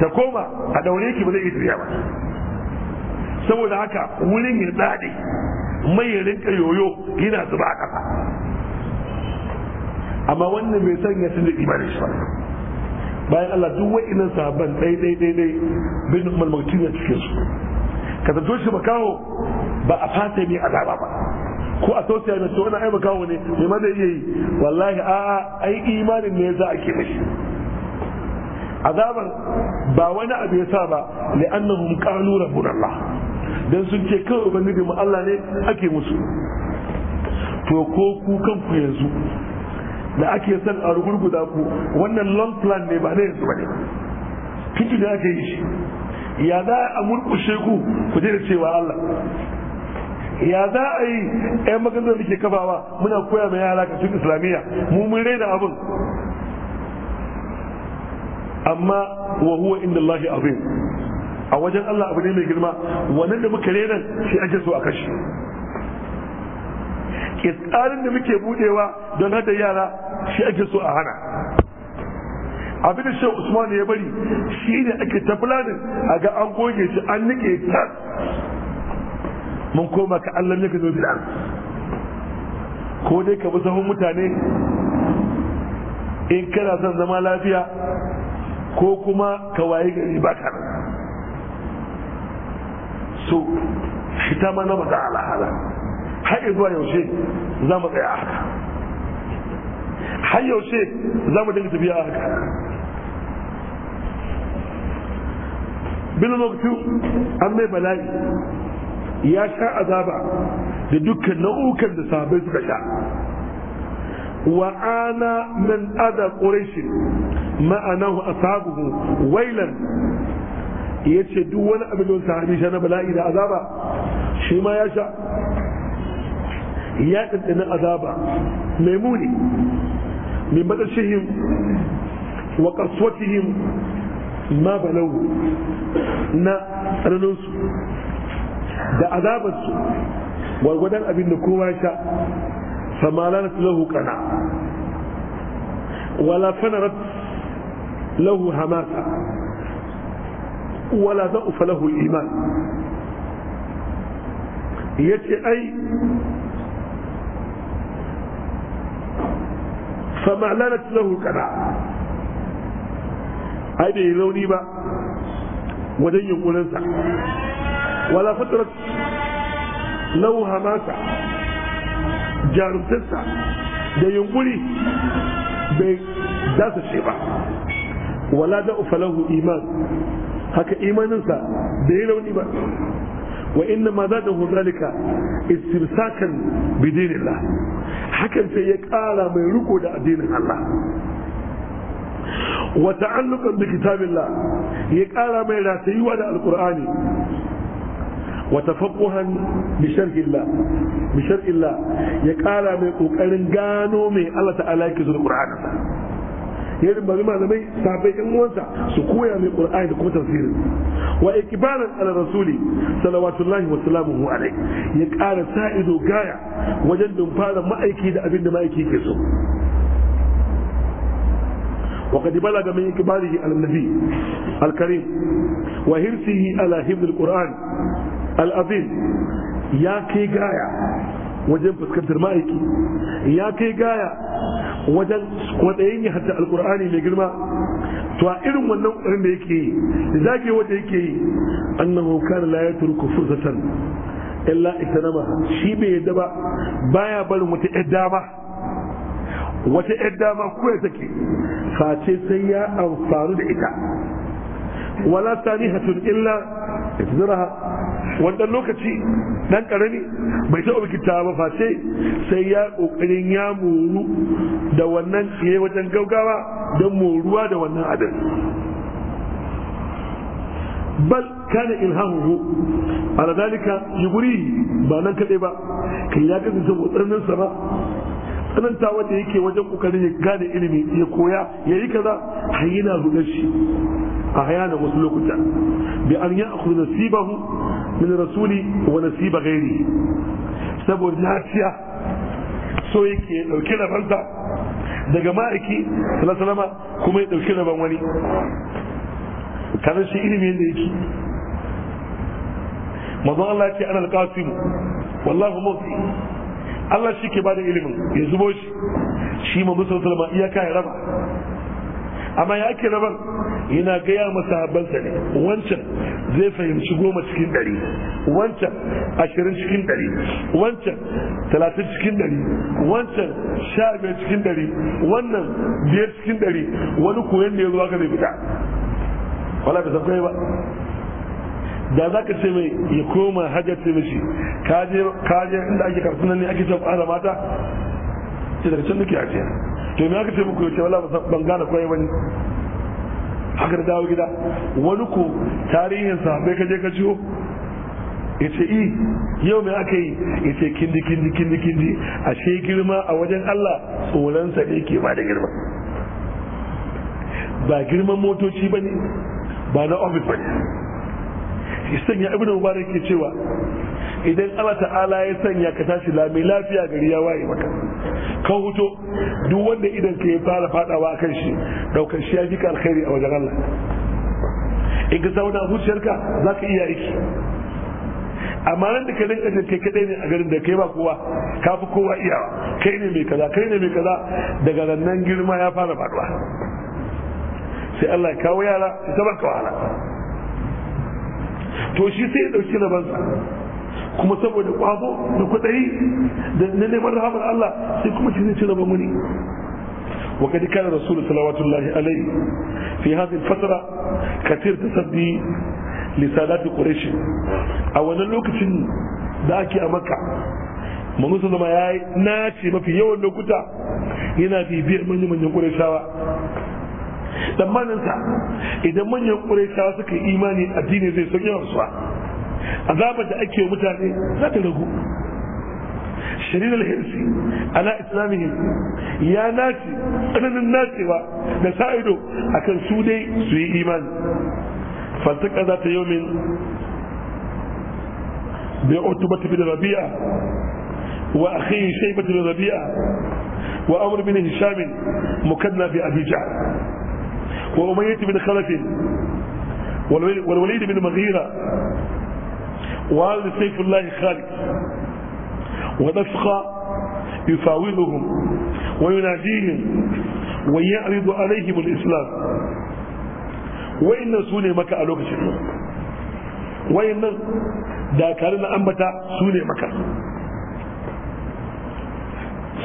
Speaker 1: ta koma a daure ki ba zai iya tafiya ba saboda haka wurin ya dade mai ya rinka yoyo yana zuba a kasa amma wannan bai ya sun da imanin shi ba bayan Allah duk wa'inan sahabban ɗai ɗai ɗai ɗai bin umar maktina cikin su ka zato shi makaho ba a fata ne azaba ba ko a sosai na ce wani ai makaho ne me ma zai iya yi wallahi a'a ai imanin ne za a ke mashi azaban ba wani abu ya sa ba li'annahum qalu rabbuna Allah dan sun ce kawai ubangiji mu Allah ne ake musu to ko ku kanku yanzu da ake son a rugurguda ku wannan long plan ne ba na yanzu bane kiki da ake yi shi ya za a murkushe ku ku je da cewa Allah ya za a yi 'yan maganar da ke kafawa muna koya mai yara cikin islamiyya mu mun raina abin amma wa huwa inda Allah azim a wajen Allah abu ne mai girma wannan da muka renan shi ake so a kashi tsarin da muke budewa don hada yara shi ake so a hana abin da shi usman ya bari shi ne ake ta planning a ga an goge shi an nike ta mun koma ka Allah ne ka zo bid'an ko dai ka bi sahun mutane in kana son zama lafiya ko kuma ka waye gari ba ka so shi ta mana mata alahala har zuwa yaushe za mu tsaya a haka har yaushe za mu dinga tafiya a haka bin lokacin an mai bala'i ya sha azaba da dukkan nau'ukan da sahabai suka sha وأنا من أذى قريش معناه أصحابه ويلا yace duk wani abin da sahabi sha na bala'i da azaba shi ma ya sha ya ɗanɗanin azaba mai muni min batsashihim wa kasuwatihim ma balau na tsananinsu da azabarsu gwargwadon abin da kowa ya sha فمالنت له قنا ولا فنرت له حماسة ولا ضعف له الإيمان يتي أي فمالنت له قنا أي دي لوني با ودين يقولنسا ولا فترة له هماسة jarumtarsa da yunkuri bai dasa ce ba wala da ufalahu iman haka imaninsa da yi rauni ba wa inna ma za da hudalika istirsakan Allah hakan sai ya kara mai riko da addinin Allah wa da bi kitabillah ya kara mai ratayuwa da alqur'ani وتفقها بشرع الله بشرع الله يقال من قوكرين غانو من الله تعالى يكزو القرآن ya bari malamai sahabbai yan uwansa su koya mai qur'ani da kuma tafsirin wa ikbaran ala rasuli salawatullahi wa salamuhu alaihi ya ƙara saido gaya wajen dumfara ma'aiki da abin da ma'aiki ke so وقد بلغ من إقباله على النبي الكريم وحرصه على حفظ Qur'an. al'azim ya kai gaya wajen fuskantar ma'aiki ya kai gaya wajen kwaɗayin yi hatta alkur'ani mai girma to a irin wannan ƙwarin da yake yi za ke wanda yake yi annahu kana la yatruku fursatan illa nama. shi bai yadda ba baya barin wata yar dama wata yar dama ko ya take face sai ya amfani da ita wala tani hatun illa izraha wannan lokaci dan karami bai taɓa bikita ba face sai ya kokarin ya moru da wannan tsaye wajen gaugawa don moruwa da wannan adal bal kana ilhamuhu ala dalika yuguri ba nan kaɗai ba kai ya kasance motsanin sa ba tsananta wanda yake wajen kokarin ya gane ilimi ya koya ya yi kaza har yana rugar shi a da wasu lokuta bi an ya akwai nasibahu min rasuli wa nasiba gairi saboda naciya so yake dauke da fansa daga ma'aiki salama kuma ya dauke da ban wani kanan shi ilimi da yake mazan Allah ce ana alƙasimu wallahu Allah ke bada ilimin ya zubo shi shi mamu salama iyaka ya raba amma ya ake rabar yana gaya masa habansa ne wancan zai fahimci goma cikin ɗari wancan ashirin cikin ɗari wancan talatin cikin ɗari wancan sha biyar cikin ɗari wannan biyar cikin ɗari wani koyon da ya zuwa ka zai fita wala da san ba da za ka ce mai ya koma hajjar ce mishi kaje inda ake karfi nan ne ake cewa mata ce daga can nake ce to me aka ce muku yace wala ban gane kwaye bane haka da dawo gida wani ko tarihin sa bai kaje ka ciwo yace ce eh, i yau me aka yi yace ce kindi kindi kindi kindi ashe girma a wajen Allah sa ne ke ba da girma ba girman motoci ba ba na ofis ba ne ya ibnu mubarak ke cewa idan Allah ta'ala ya sanya ka tashi lami lafiya gari ya waye maka ka huto duk wanda idan ka ya fara fadawa kan shi daukar shi ya fi ka alkhairi a wajen Allah in ka zauna zuciyarka za ka iya aiki amma nan da ka rinka da kai kadai ne a garin da kai ba kowa ka fi kowa iyawa kai ne mai kaza kai ne mai kaza daga nan girma ya fara faduwa sai Allah ya kawo yara ta baka wahala to shi sai ya dauki rabansa kuma saboda kwazo da kudai da neman rahamar Allah sai kuma shi zai ci zama muni وقد كان الرسول صلوات الله عليه في هذه الفترة كثير تصدي لسالات قريش أولا لوكت داكي أمكة manzo su zama ya nace mafi yawan lokuta yana bibiyar manyan manyan ƙureshawa tsammaninsa idan manyan ƙureshawa suka yi imani addini zai sanya yawan suwa azabar da ake mutane za ta ragu shirin alhirsi ana islamiyyar ya nace tsananin nacewa da sa'ido a kan su dai su yi imani fasika za ta yomin bai utubatu bin rabi'a wa akhi shaybatu bin rabi'a wa amr bin hisham mukanna bi abi ja'far wa umayyah bin walwale والوليد بن مغيرة وهذا سيف الله خالد ونفخ يفاولهم ويناديهم ويعرض عليهم الإسلام وإن سوني مكة ألوك شكرا وإن داكارنا أمتا سوني مكة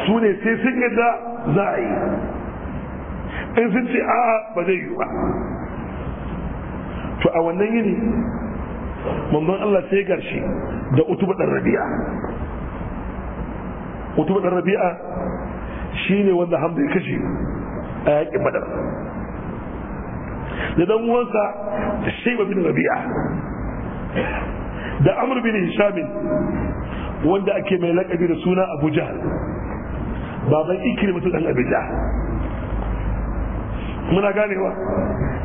Speaker 1: سوني سيسن يدا زاعي إن سنتي آه بديوا فأولا يني manzon Allah sai garshe da utuba dan rabi'a utuba dan rabi'a shine wanda hamza ya kashe a yakin madar da dan uwansa ba bin rabi'a da amr bin hisham wanda ake mai lakabi da suna abu jahal baban ɗan dan abijah muna ganewa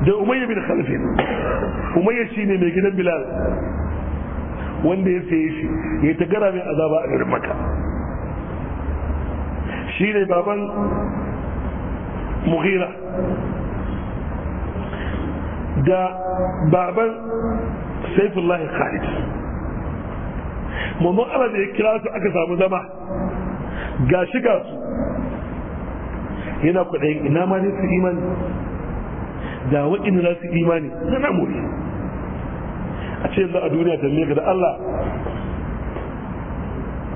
Speaker 1: da umayya bin khalfin umayya ne mai gidan bilal wanda ya saye shi ya ta gara mai azaba a garin maka shi ne baban mughira da baban saifullahi khalid mamman ala da ya kira su aka samu zama ga shiga su yana kwaɗayin ina ma ne su imani da wa'in za su imani na mori a ce yanzu a duniya ta lega da Allah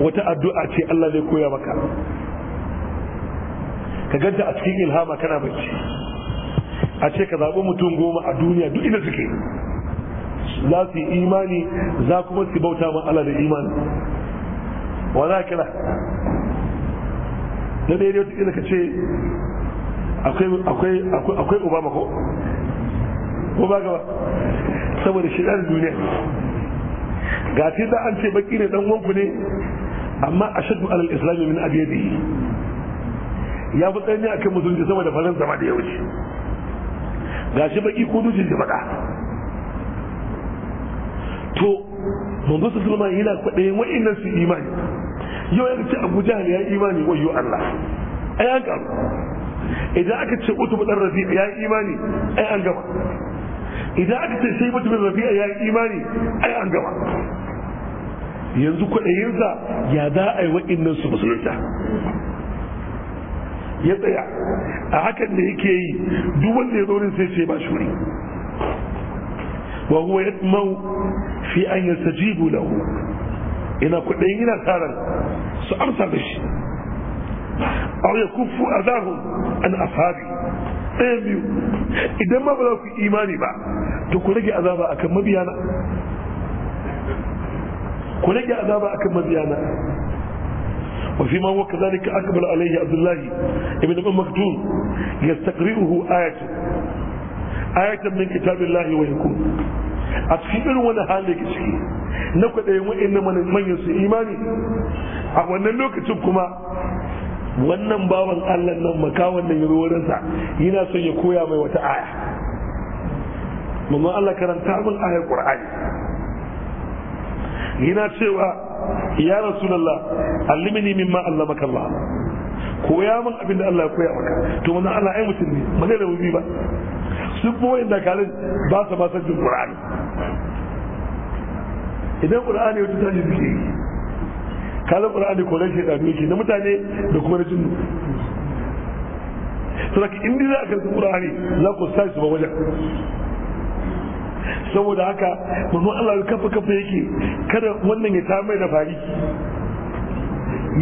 Speaker 1: wata addu'a ce Allah zai koya maka ka ganta a cikin ilhama kana bacci a ce ka zaɓi mutum goma a duniya duk inda suke za su yi imani za kuma su bauta ma Allah da imani wa za kira na daidai wata ka ce akwai obama ko ko ba gaba saboda shigar duniya ga ce da an ce baki ne dan wanku ne amma a shaɗu alal islami min abiyadi ya fi a akan musulunci saboda faran zama da ya ga shi baki ko dujin da faɗa to manzo su sulma yana kwaɗayin wa'innan su imani yau ya ce abu ne ya imani wayo allah ai idan aka ce utubu dan rafi'a yayi imani ai an gama idan aka ce sai mutumin rafi'a yayi yi imani ai an gama yanzu kwaɗayinsa ya za a yi wa'innan su musulunta ya tsaya a hakan da yake yi duk wanda ya zo sai ce ba shuri wa huwa yatmau fi an yastajibu lahu ina kuɗin yana taran su amsa da shi أو يكف أذاهم عن ashabi ɗayan biyu idan ma ba إيماني ku تقول لك to ku rage azaba لك mabiyana ku rage وفيما هو كذلك أكبر عليه عبد الله ابن أم مكتوم يستقرئه آية آية من كتاب الله ويكون أتفكر وانا حالك شيء نقول أيوة إن من من يسي إيماني أولا أن نوك تبكما wannan baban Allah nan makawan nan yazo wurin sa yana son ya koya mai wata aya mamman Allah karanta min ayar Qur'ani yana cewa ya rasulullah allimini mimma allamaka Allah koya min abinda Allah ya koya maka to wannan Allah ai mutum ne ba zai da wubi ba su kuma wanda kalin ba su ba san jin Qur'ani idan Qur'ani wata tashi suke yi kalan qur'ani ko rashin shedanu yake na mutane da kuma na jinnu saboda in dai za a karfi qur'ani za ku sa su ba wajen saboda haka manzo Allah ya kafa kafa yake kada wannan ya tamai da fari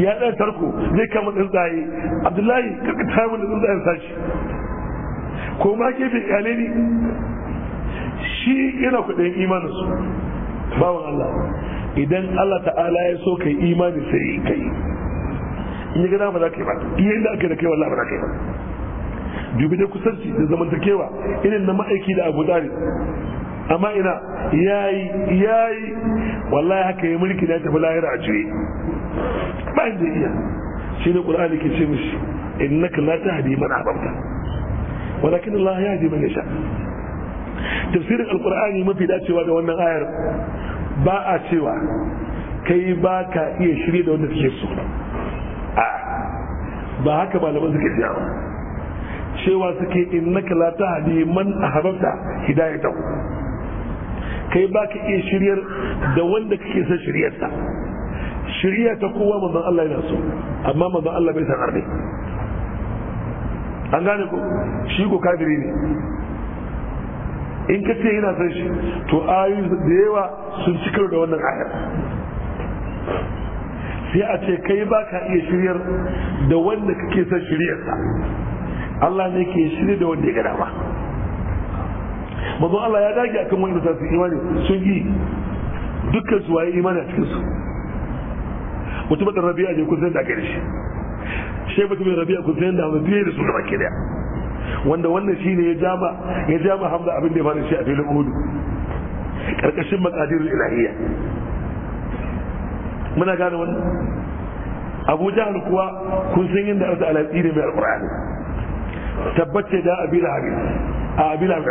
Speaker 1: ya ɗaya tarko zai kama tsuntsaye Abdullahi kaka tamai da tsuntsayen sashi ko ma gefe kyale ne shi yana kuɗin su bawan Allah idan Allah ta'ala ya so kai imani sai kai in ya gada ba za ka yi ba iya da aka da kai wallahi ba za ka yi ba dubi da kusanci da zamantakewa irin na ma'aiki da abu dari. amma ina yayi yayi wallahi haka ya mulki da tafi lahira a juye ba inda iya shi ne qur'ani ke ce mishi innaka la tahdi man ahbabta walakin Allah yahdi man yasha tafsirin alqur'ani mafi dacewa da wannan ayar ba a cewa kai ba ka iya shirye da wanda suke so a ba haka malaman suke cewa ba cewa suke in innaka la tahdi man a ahbabta hidayatahu kai ba ka iya shiryar da wanda kake son shiryarsa shirya ta kowa mazan Allah yana so amma mazan Allah bai san ne an gane ko shi ko kafiri ne in ka ce yana san shi to ayoyi da yawa sun cikar da wannan ayar sai a ce kai ba ka iya shiryar da wanda kake son sa Allah ne ke shirya da wanda ya gada ba mazan Allah ya dage akan wanda za su imani sun yi dukkan su waye imani a cikin su mutum da rabi'a ne kun san da kai shi shi mutum da rabi'a kun san da amma biye da su gaba ke daya wanda wannan shine ya jama ya jama hamza abin da ya faru shi a filin hudu karkashin makadirul ilahiyya muna gane wannan abu jahal kuwa kun san yadda arda alaƙi ne mai alƙur'ani tabbace da abi lahabi a abi lahabi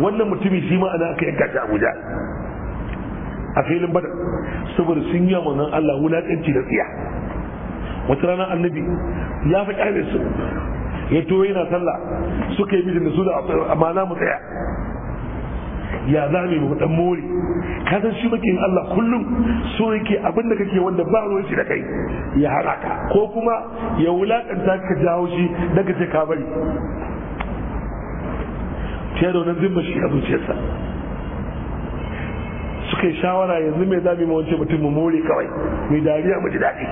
Speaker 1: wannan mutumin shi ma ana aka yanka shi abuja a filin badar saboda sun yi manzon Allah wulaƙanci da tsiya wata rana annabi ya fi ƙare su ya to yana sallah suka yi mijin da su da amana mu tsaya ya za mu mu dan more ka san shi bakin Allah kullum so yake abin da kake wanda ba ruwan shi da kai ya haraka ko kuma ya wulakanta ka jawo shi daga ce ka bari ta da wannan zimba shi a zuciyarsa suka yi shawara yanzu mai zabi mu wance mutum mu more kawai mai dariya mu ji daɗi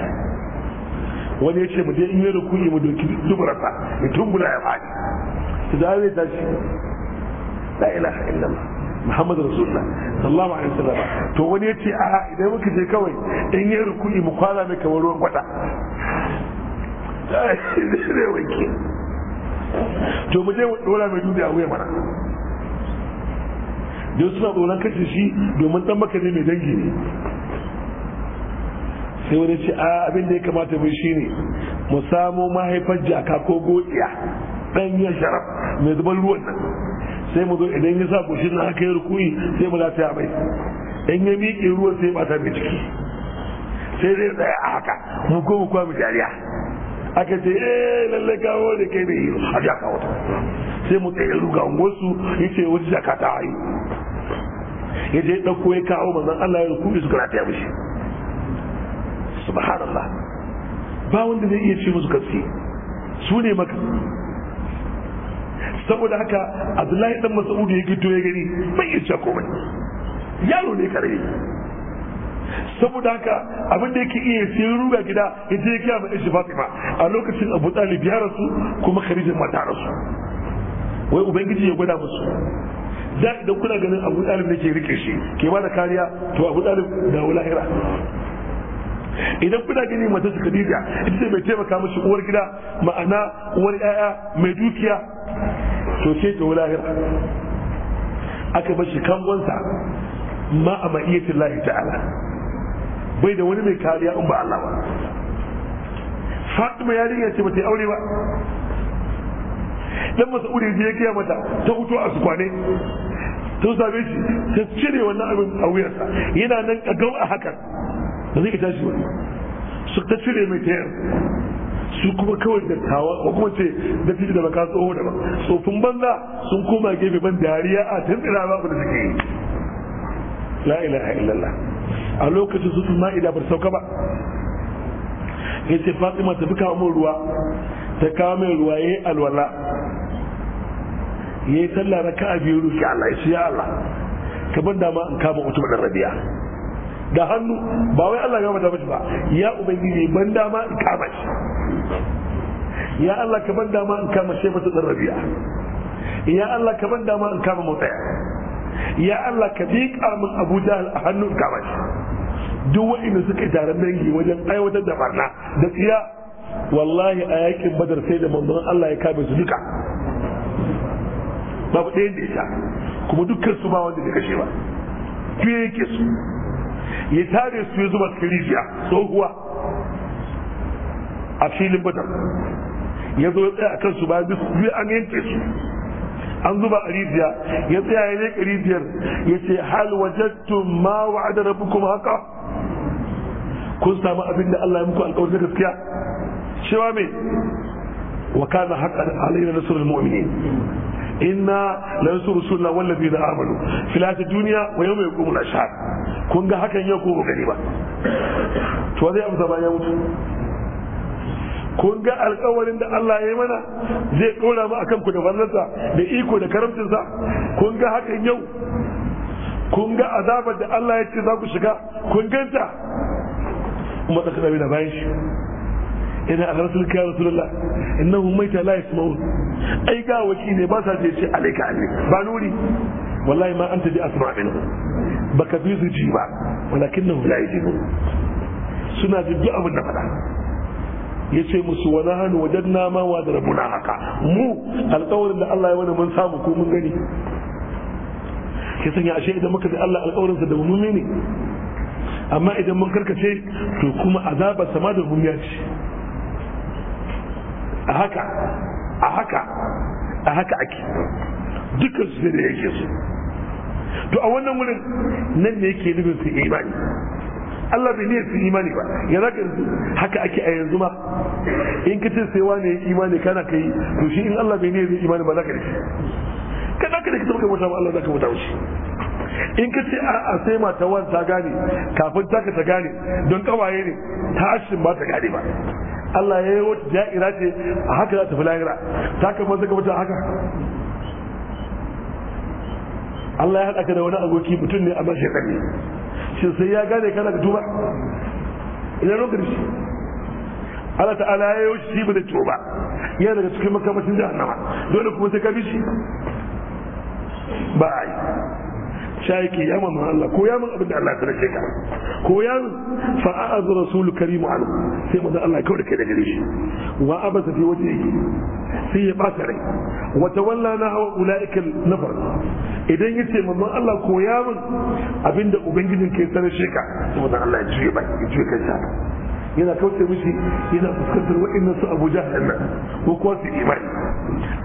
Speaker 1: wani ya ce mu dai in yi yi mu doki duburarsa mu tumbula ya fadi su da zai tashi la ilaha illallah muhammadu rasulullah sallallahu alaihi wasallam to wani ya ce a idan muka je kawai in yi rukuni mu kwana mai kamar ruwan kwata ne wanke to mu je dora mai dubi a wuya mana don suna tsoron kashe shi domin dan maka ne mai dangi ne sai wani ce a abin da ya kamata mu ne mu samu mahaifar jaka ko godiya dan ya sharaf mai zuban ruwan nan sai mu zo idan ya sa goshin na haka ya rukuni sai mu lafiya mai in ya miƙe ruwan sai bata mai ciki sai zai tsaya a haka mu ko mu kwamu dariya aka ce eh lalle kawo da kai mai yi a jaka wata sai mu tsaye ruga unguwarsu ya ce wata jaka ta hayu ya je ɗauko ya kawo Allah ya rukuni su karata ya mishi subhanallah ba wanda zai iya ce musu gaske su ne maka saboda haka abdullahi dan mas'ud ya gido ya gani bai iya ce komai yaro ne karami saboda haka abin da yake iya ce ruga gida ya je kiya ma ishi fatima a lokacin abu talib ya rasu kuma khadija ma ta rasu wai ubangiji ya gwada musu da idan kuna ganin abu talib ne ke rike shi ke ba da kariya to abu talib da lahira idan kuna gini mace su Khadija ita ce mai taimaka mashi uwar gida ma'ana uwar 'ya'ya mai dukiya to sai ta wulahir aka bar shi kangonsa ma a ma'iyatin lahi ta'ala bai da wani mai kariya in ba Allah ba Fatima yarinya ce bata yi aure ba dan yake ya kiya mata ta hutu a sukwane sun same shi ta cire wannan abin a wuyarsa yana nan kagau a hakan ba zai tashi ba su ta cire mai tayar su kuma kawai da tawa ko kuma ce da fiti da baka tsoho da ba tsofin banza sun koma gefe ban dariya a tantsira babu da suke yi la ilaha illallah a lokacin su sun ma'ida bar sauka ba ya ce fatima ta fi kawo ruwa ta kawo mai ruwa ya yi alwala ya yi sallah na ka'a biyu rufi Allah ya ce ya Allah ka ban dama in kama utu da rabiya da hannu ba wai Allah ya mata mashi ba ya ubangiji ban dama in kama
Speaker 2: shi
Speaker 1: ya Allah ka ban dama in kama shi mata dan rabi'a ya Allah ka ban dama in kama motsaya ya Allah ka miƙa kamun Abu Jahl a hannun kama shi duk wanda suka yi taron dangi wajen aiwatar da barna da tsiya wallahi a yakin badar sai da manzon Allah ya kame su duka babu ɗayan da ita kuma dukkan su ba wanda bai kashe ba fiye yake su ya tare su ya zuba cikin rijiya tsohuwa a filin badar ya zo ya tsaya a kansu bayan biyu an yanke su an zuba a rijiya ya tsaya ya leƙa rijiyar ya ce hal wajattum ma wa'ada kuma haka kun samu abin da Allah ya muku alƙawarin gaskiya cewa me wa kana haqqan alaina nasrul mu'minin inna lansuru sunna wal ladina amanu fil hayati dunya wa yawma na ashhad kun ga hakan yau ko gani ba to zai amsa bayan mutu kun ga alkawarin da Allah ya yi mana zai dora mu akan ku da fannarsa da iko da karamcinsa kun ga hakan yau kun ga azabar da Allah ya ce za ku shiga kun ganta kuma da kada da bayan shi ina a rasul kai rasulullah innahu maita la yasma'un ai ga waki ne ba sa ce alaika alai ba nuri wallahi ma anta bi asma'a minhu baka bi su ji ba walakin nan la yajibu suna jin duk abin da faɗa ya ce musu wani hannu wajen nama wa da rabuna haka mu alkawarin da Allah ya wani mun samu ko mun gani ke sanya ashe idan muka bi Allah alkawarinsa da mu ne amma idan mun karkace to kuma azabar sama da mu ya ce a haka a haka a haka ake dukkan su da yake so to a wannan wurin nan ne yake nufin su imani Allah bai ne su imani ba ya zaka yanzu haka ake a yanzu ma in kace sai wane ya imani kana kai to shi in Allah bai ne zai imani ba zaka da yi ka zaka da yi mutaba ba Allah zaka mutawa shi in ka ce a sai mata wan ta gane kafin taka ta gane don kawaye ne ta ashin ba ta gane ba Allah ya yi wata ja'ira ce a haka za ta fi lahira ta kama zaka mata haka Allah ya haɗa da wani aboki mutum ne a shi ɗan shi sai ya gane kana da tuba ina lokacin shi Allah ta'ala ya yi shi ba da tuba ya daga cikin makamashin jahannama dole kuma sai ka bi shi ba a yi shayike ya manzo Allah ko ya abin da Allah ya tsare ka ko ya min fa a'az rasul karim anhu sai manzo Allah ya kawo da kai da gare shi wa abasa fi wajhihi sai ya bata rai wa tawalla na hawa ulaika nafar idan yace manzo Allah ko ya abin da ubangijin kai tsare shi ka sai manzo Allah ya juye baki ya juye kansa yana kauce mishi yana fuskantar wa'annan su Abu Jahl ko kuwa su imani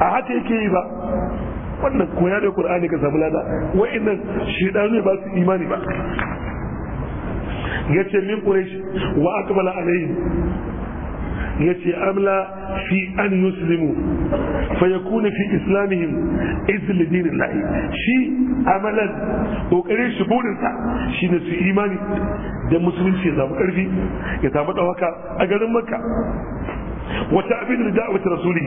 Speaker 1: a haka yake yi ba wannan koya da qur'ani ka samu lada wa'annan zai ba su imani ba yace min quraish wa aqbala alayhi yace amla fi an yuslimu fa yakuna fi islamihim izl dinillah shi amalan kokarin shi burin sa shine su imani da musulunci ya samu karfi ya samu dawaka a garin makka wa ta'binu da'wati rasuli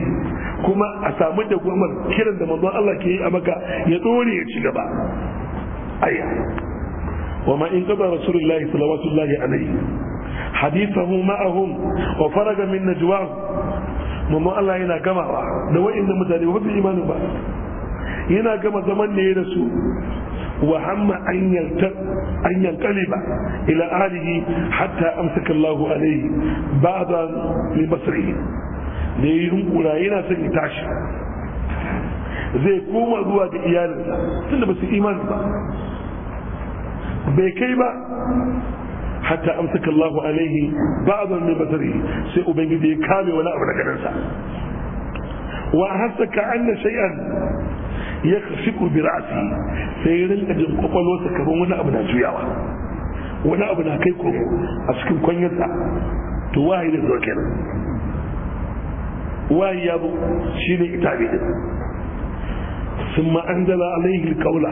Speaker 1: kuma a samu da gomar kiran da manzon Allah ke yi a maka ya dore ya ci gaba ayya wa ma in qada rasulullahi sallallahu alaihi hadithahu ma'ahum wa faraga min najwahum manzon Allah yana gamawa da wa'inda mutane ba su imanin ba yana gama zaman ne da su وهم أن ينقلب إلى أهله حتى أمسك الله عليه بعد لمصره da ya yi hunkura yana son ya tashi zai koma zuwa da iyalinsa tunda ba su imani ba bai kai ba hatta amsaka Allahu alaihi ba'dhan min basari sai ubangiji ya kame wani abu daga nan wa ya fiku bi ra'asi sai ya rinka jin kwakwalwarsa kamar wani abu na juyawa wani abu na kai komo a cikin kwanyarsa to wahayi ne zuwa kenan wahayi ya bu shi ne ita ne sun ma dala alaihi alkaula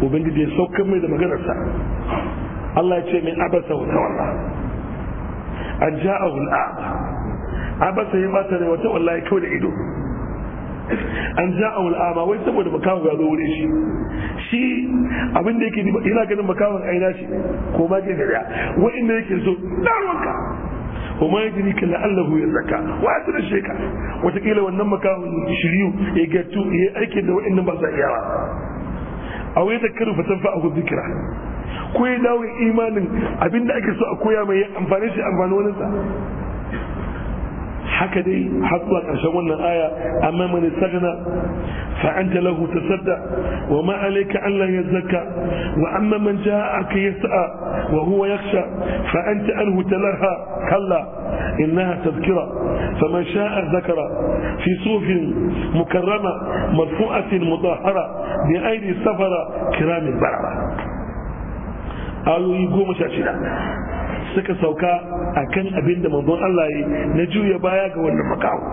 Speaker 1: ubangiji ya saukar mai da maganarsa Allah ya ce min abasa wa tawalla an ja'ahu al'aba abasa ya bata rai wata wallahi kawai da ido an ja a wal'ama wai saboda makawan ya zo wurin shi shi abinda yake yana ina ganin makawan aina shi ko ma ke gariya waɗanda da yake so darwanka ko ma yaji nika la'allahu ya zaka wa ya tuna sheka watakila wannan makawan ya shiriyu ya gatu ya aike da wa'in nan ba sa iyawa a wai da karu fatan fa'a ku zikira ko ya dawo imanin abinda da ake so a koya mai amfani shi amfani wani sa haka dai har zuwa ƙarshen wannan aya amma man istaghna fa anta lahu tasadda wa ma alayka an la yazakka wa amma man ja'aka yas'a wa huwa yakhsha fa anta anhu talaha kalla innaha tadhkira faman sha'a dhakara fi sufin mukarrama marfu'atin mudahhara bi aidi safara kiramin barara ayoyi goma sha shida suka sauka a kan abin da manzon Allah yi na juya baya ga wannan makawo.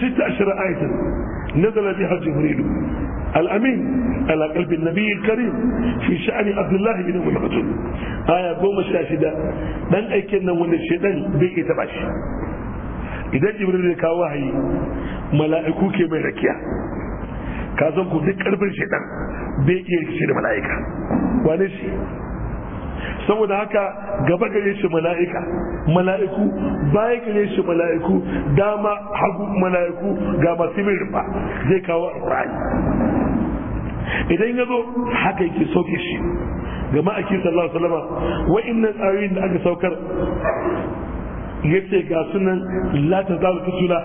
Speaker 1: Sita ashirin aitin, nazala bi hajji Muridu, al’amin alaƙalbin na biyu karin fi sha'ani Abdullahi bin Abu Makatun, aya goma sha shida, ɗan aikin nan wanda shaidan bai ke taɓa shi. Idan Ibrahim ya kawo wahayi, mala’iku ke mai rakiya, ka ku duk ƙarfin shaidan bai ke shi da mala’ika. Wane shi? saboda haka gaba gare shi mala'ika mala'iku baya gare shi mala'iku dama hagu mala'iku ga masu min rufa zai kawo alƙur'ani idan ya zo haka yake sauke shi ga ma'aiki sallallahu alaihi wa inna tsayoyin da aka saukar yace ga sunan la tazalu yau,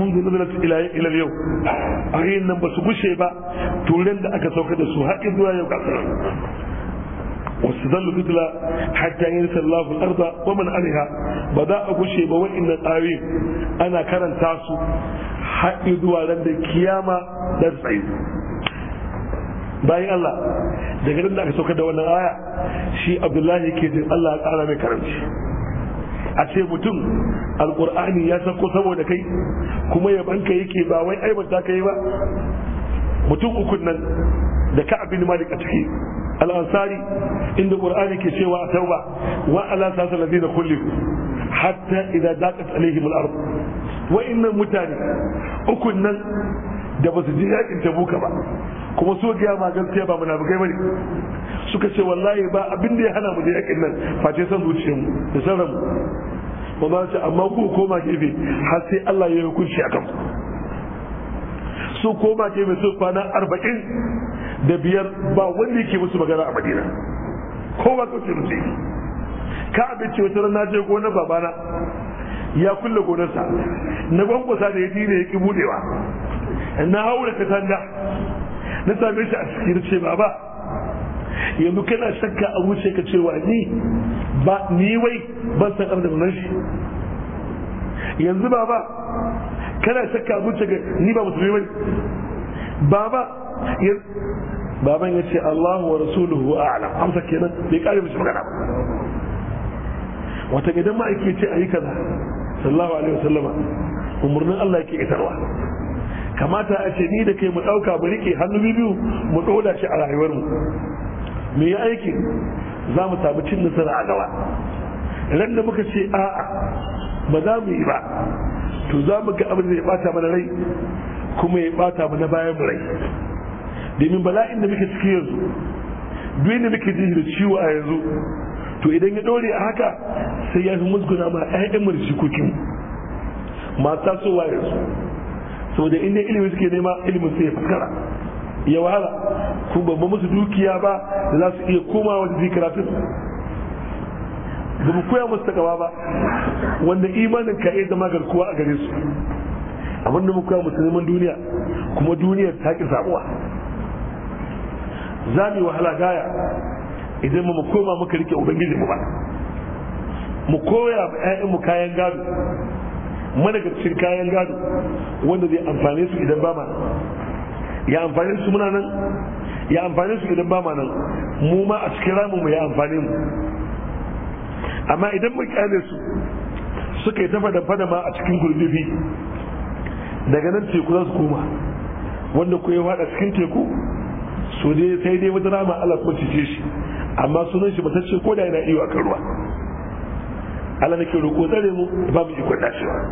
Speaker 1: منذ nan ba su اليوم ba, نبس da aka دا أكا سوكا دا سوها yau لا يوكا واستدلوا مثل حتى يرث الله الارض ومن عليها بدا اغشي ba wa'annan ayoyin ana karanta su har zuwa ran da kiyama da tsayi bayan Allah daga nan da aka saukar da wannan aya shi Abdullahi ke jin Allah ya kara mai karanci a ce mutum alkur'ani ya sako saboda kai kuma yabanka yake ba wai aibanta yi ba mutum ukun nan da ka abin malik a ciki al-ansari inda qur'ani ke cewa a tauba wa ala sasa ladina kullu hatta idan daqat alaihim al wa inna mutane ukun nan da basu ji yakin tabuka ba kuma so ga ma gaskiya ba munafikai bane suka ce wallahi ba abin da ya hana mu da yakin nan face san zuciyar mu da sarran mu ba ce amma ku koma gefe har sai Allah ya hukunci akan ku su koma gefe su kwana arba'in da biyar ba wanda yake musu magana a madina kowa kauce musu yi ka abinci wata ce ko gonar babana ya kulle gonarsa na gwangwasa da ya dina ya ki budewa na haura katanga na same shi a cikin ce ba. yanzu kana shakka a wuce ka cewa ni ba ni wai ban san abin da shi yanzu ba kana shakka a wuce ka ni ba musulmi bane ba. baban ya ce Allahu wa rasuluhu a'lam amsa kenan bai kare mishi magana ba wata idan ma ake ce ayi kaza sallallahu alaihi wasallama umurnin Allah yake itarwa kamata a ce ni da kai mu dauka mu rike hannu biyu mu dola shi a rayuwar mu me ya aiki za mu samu cin nasara a gaba idan da muka ce a'a ba za mu yi ba to za mu ga abin da ya bata mana rai kuma ya bata mana bayan rai domin bala'in da muke ciki yanzu duk inda muke ji da ciwo a yanzu to idan ya dore a haka sai ya fi musguna ma ƴaƴan mu da jikokin masu tasowa yanzu saboda inda ilimin suke nema ilimin sai ya fuskara ya wahala ku ba musu dukiya ba da za su iya komawa da zikaratun ba mu koya musu takawa ba wanda imanin ka iya zama garkuwa a gare su abinda mu koya musu neman duniya kuma duniyar ta ƙi zaɓuwa. za mu yi wahala gaya idan mu koma muka rike ubangiji mu ba mu koya ƴaƴan mu kayan gado managabcin kayan gado wanda zai amfane su idan ba ma ya amfane su muna nan ya amfane su idan ba ma nan mu ma a cikin ramin mu ya amfane mu amma idan mu kyale su suka yi tafa da ma a cikin gurbibi daga nan teku za su koma wanda ku yi fada cikin teku to ne sai dai wata rama Allah kuma cice shi amma sunan shi mataccen ko da yana iyo akan ruwa Allah nake roƙo
Speaker 2: tsare mu ba mu iko dacewa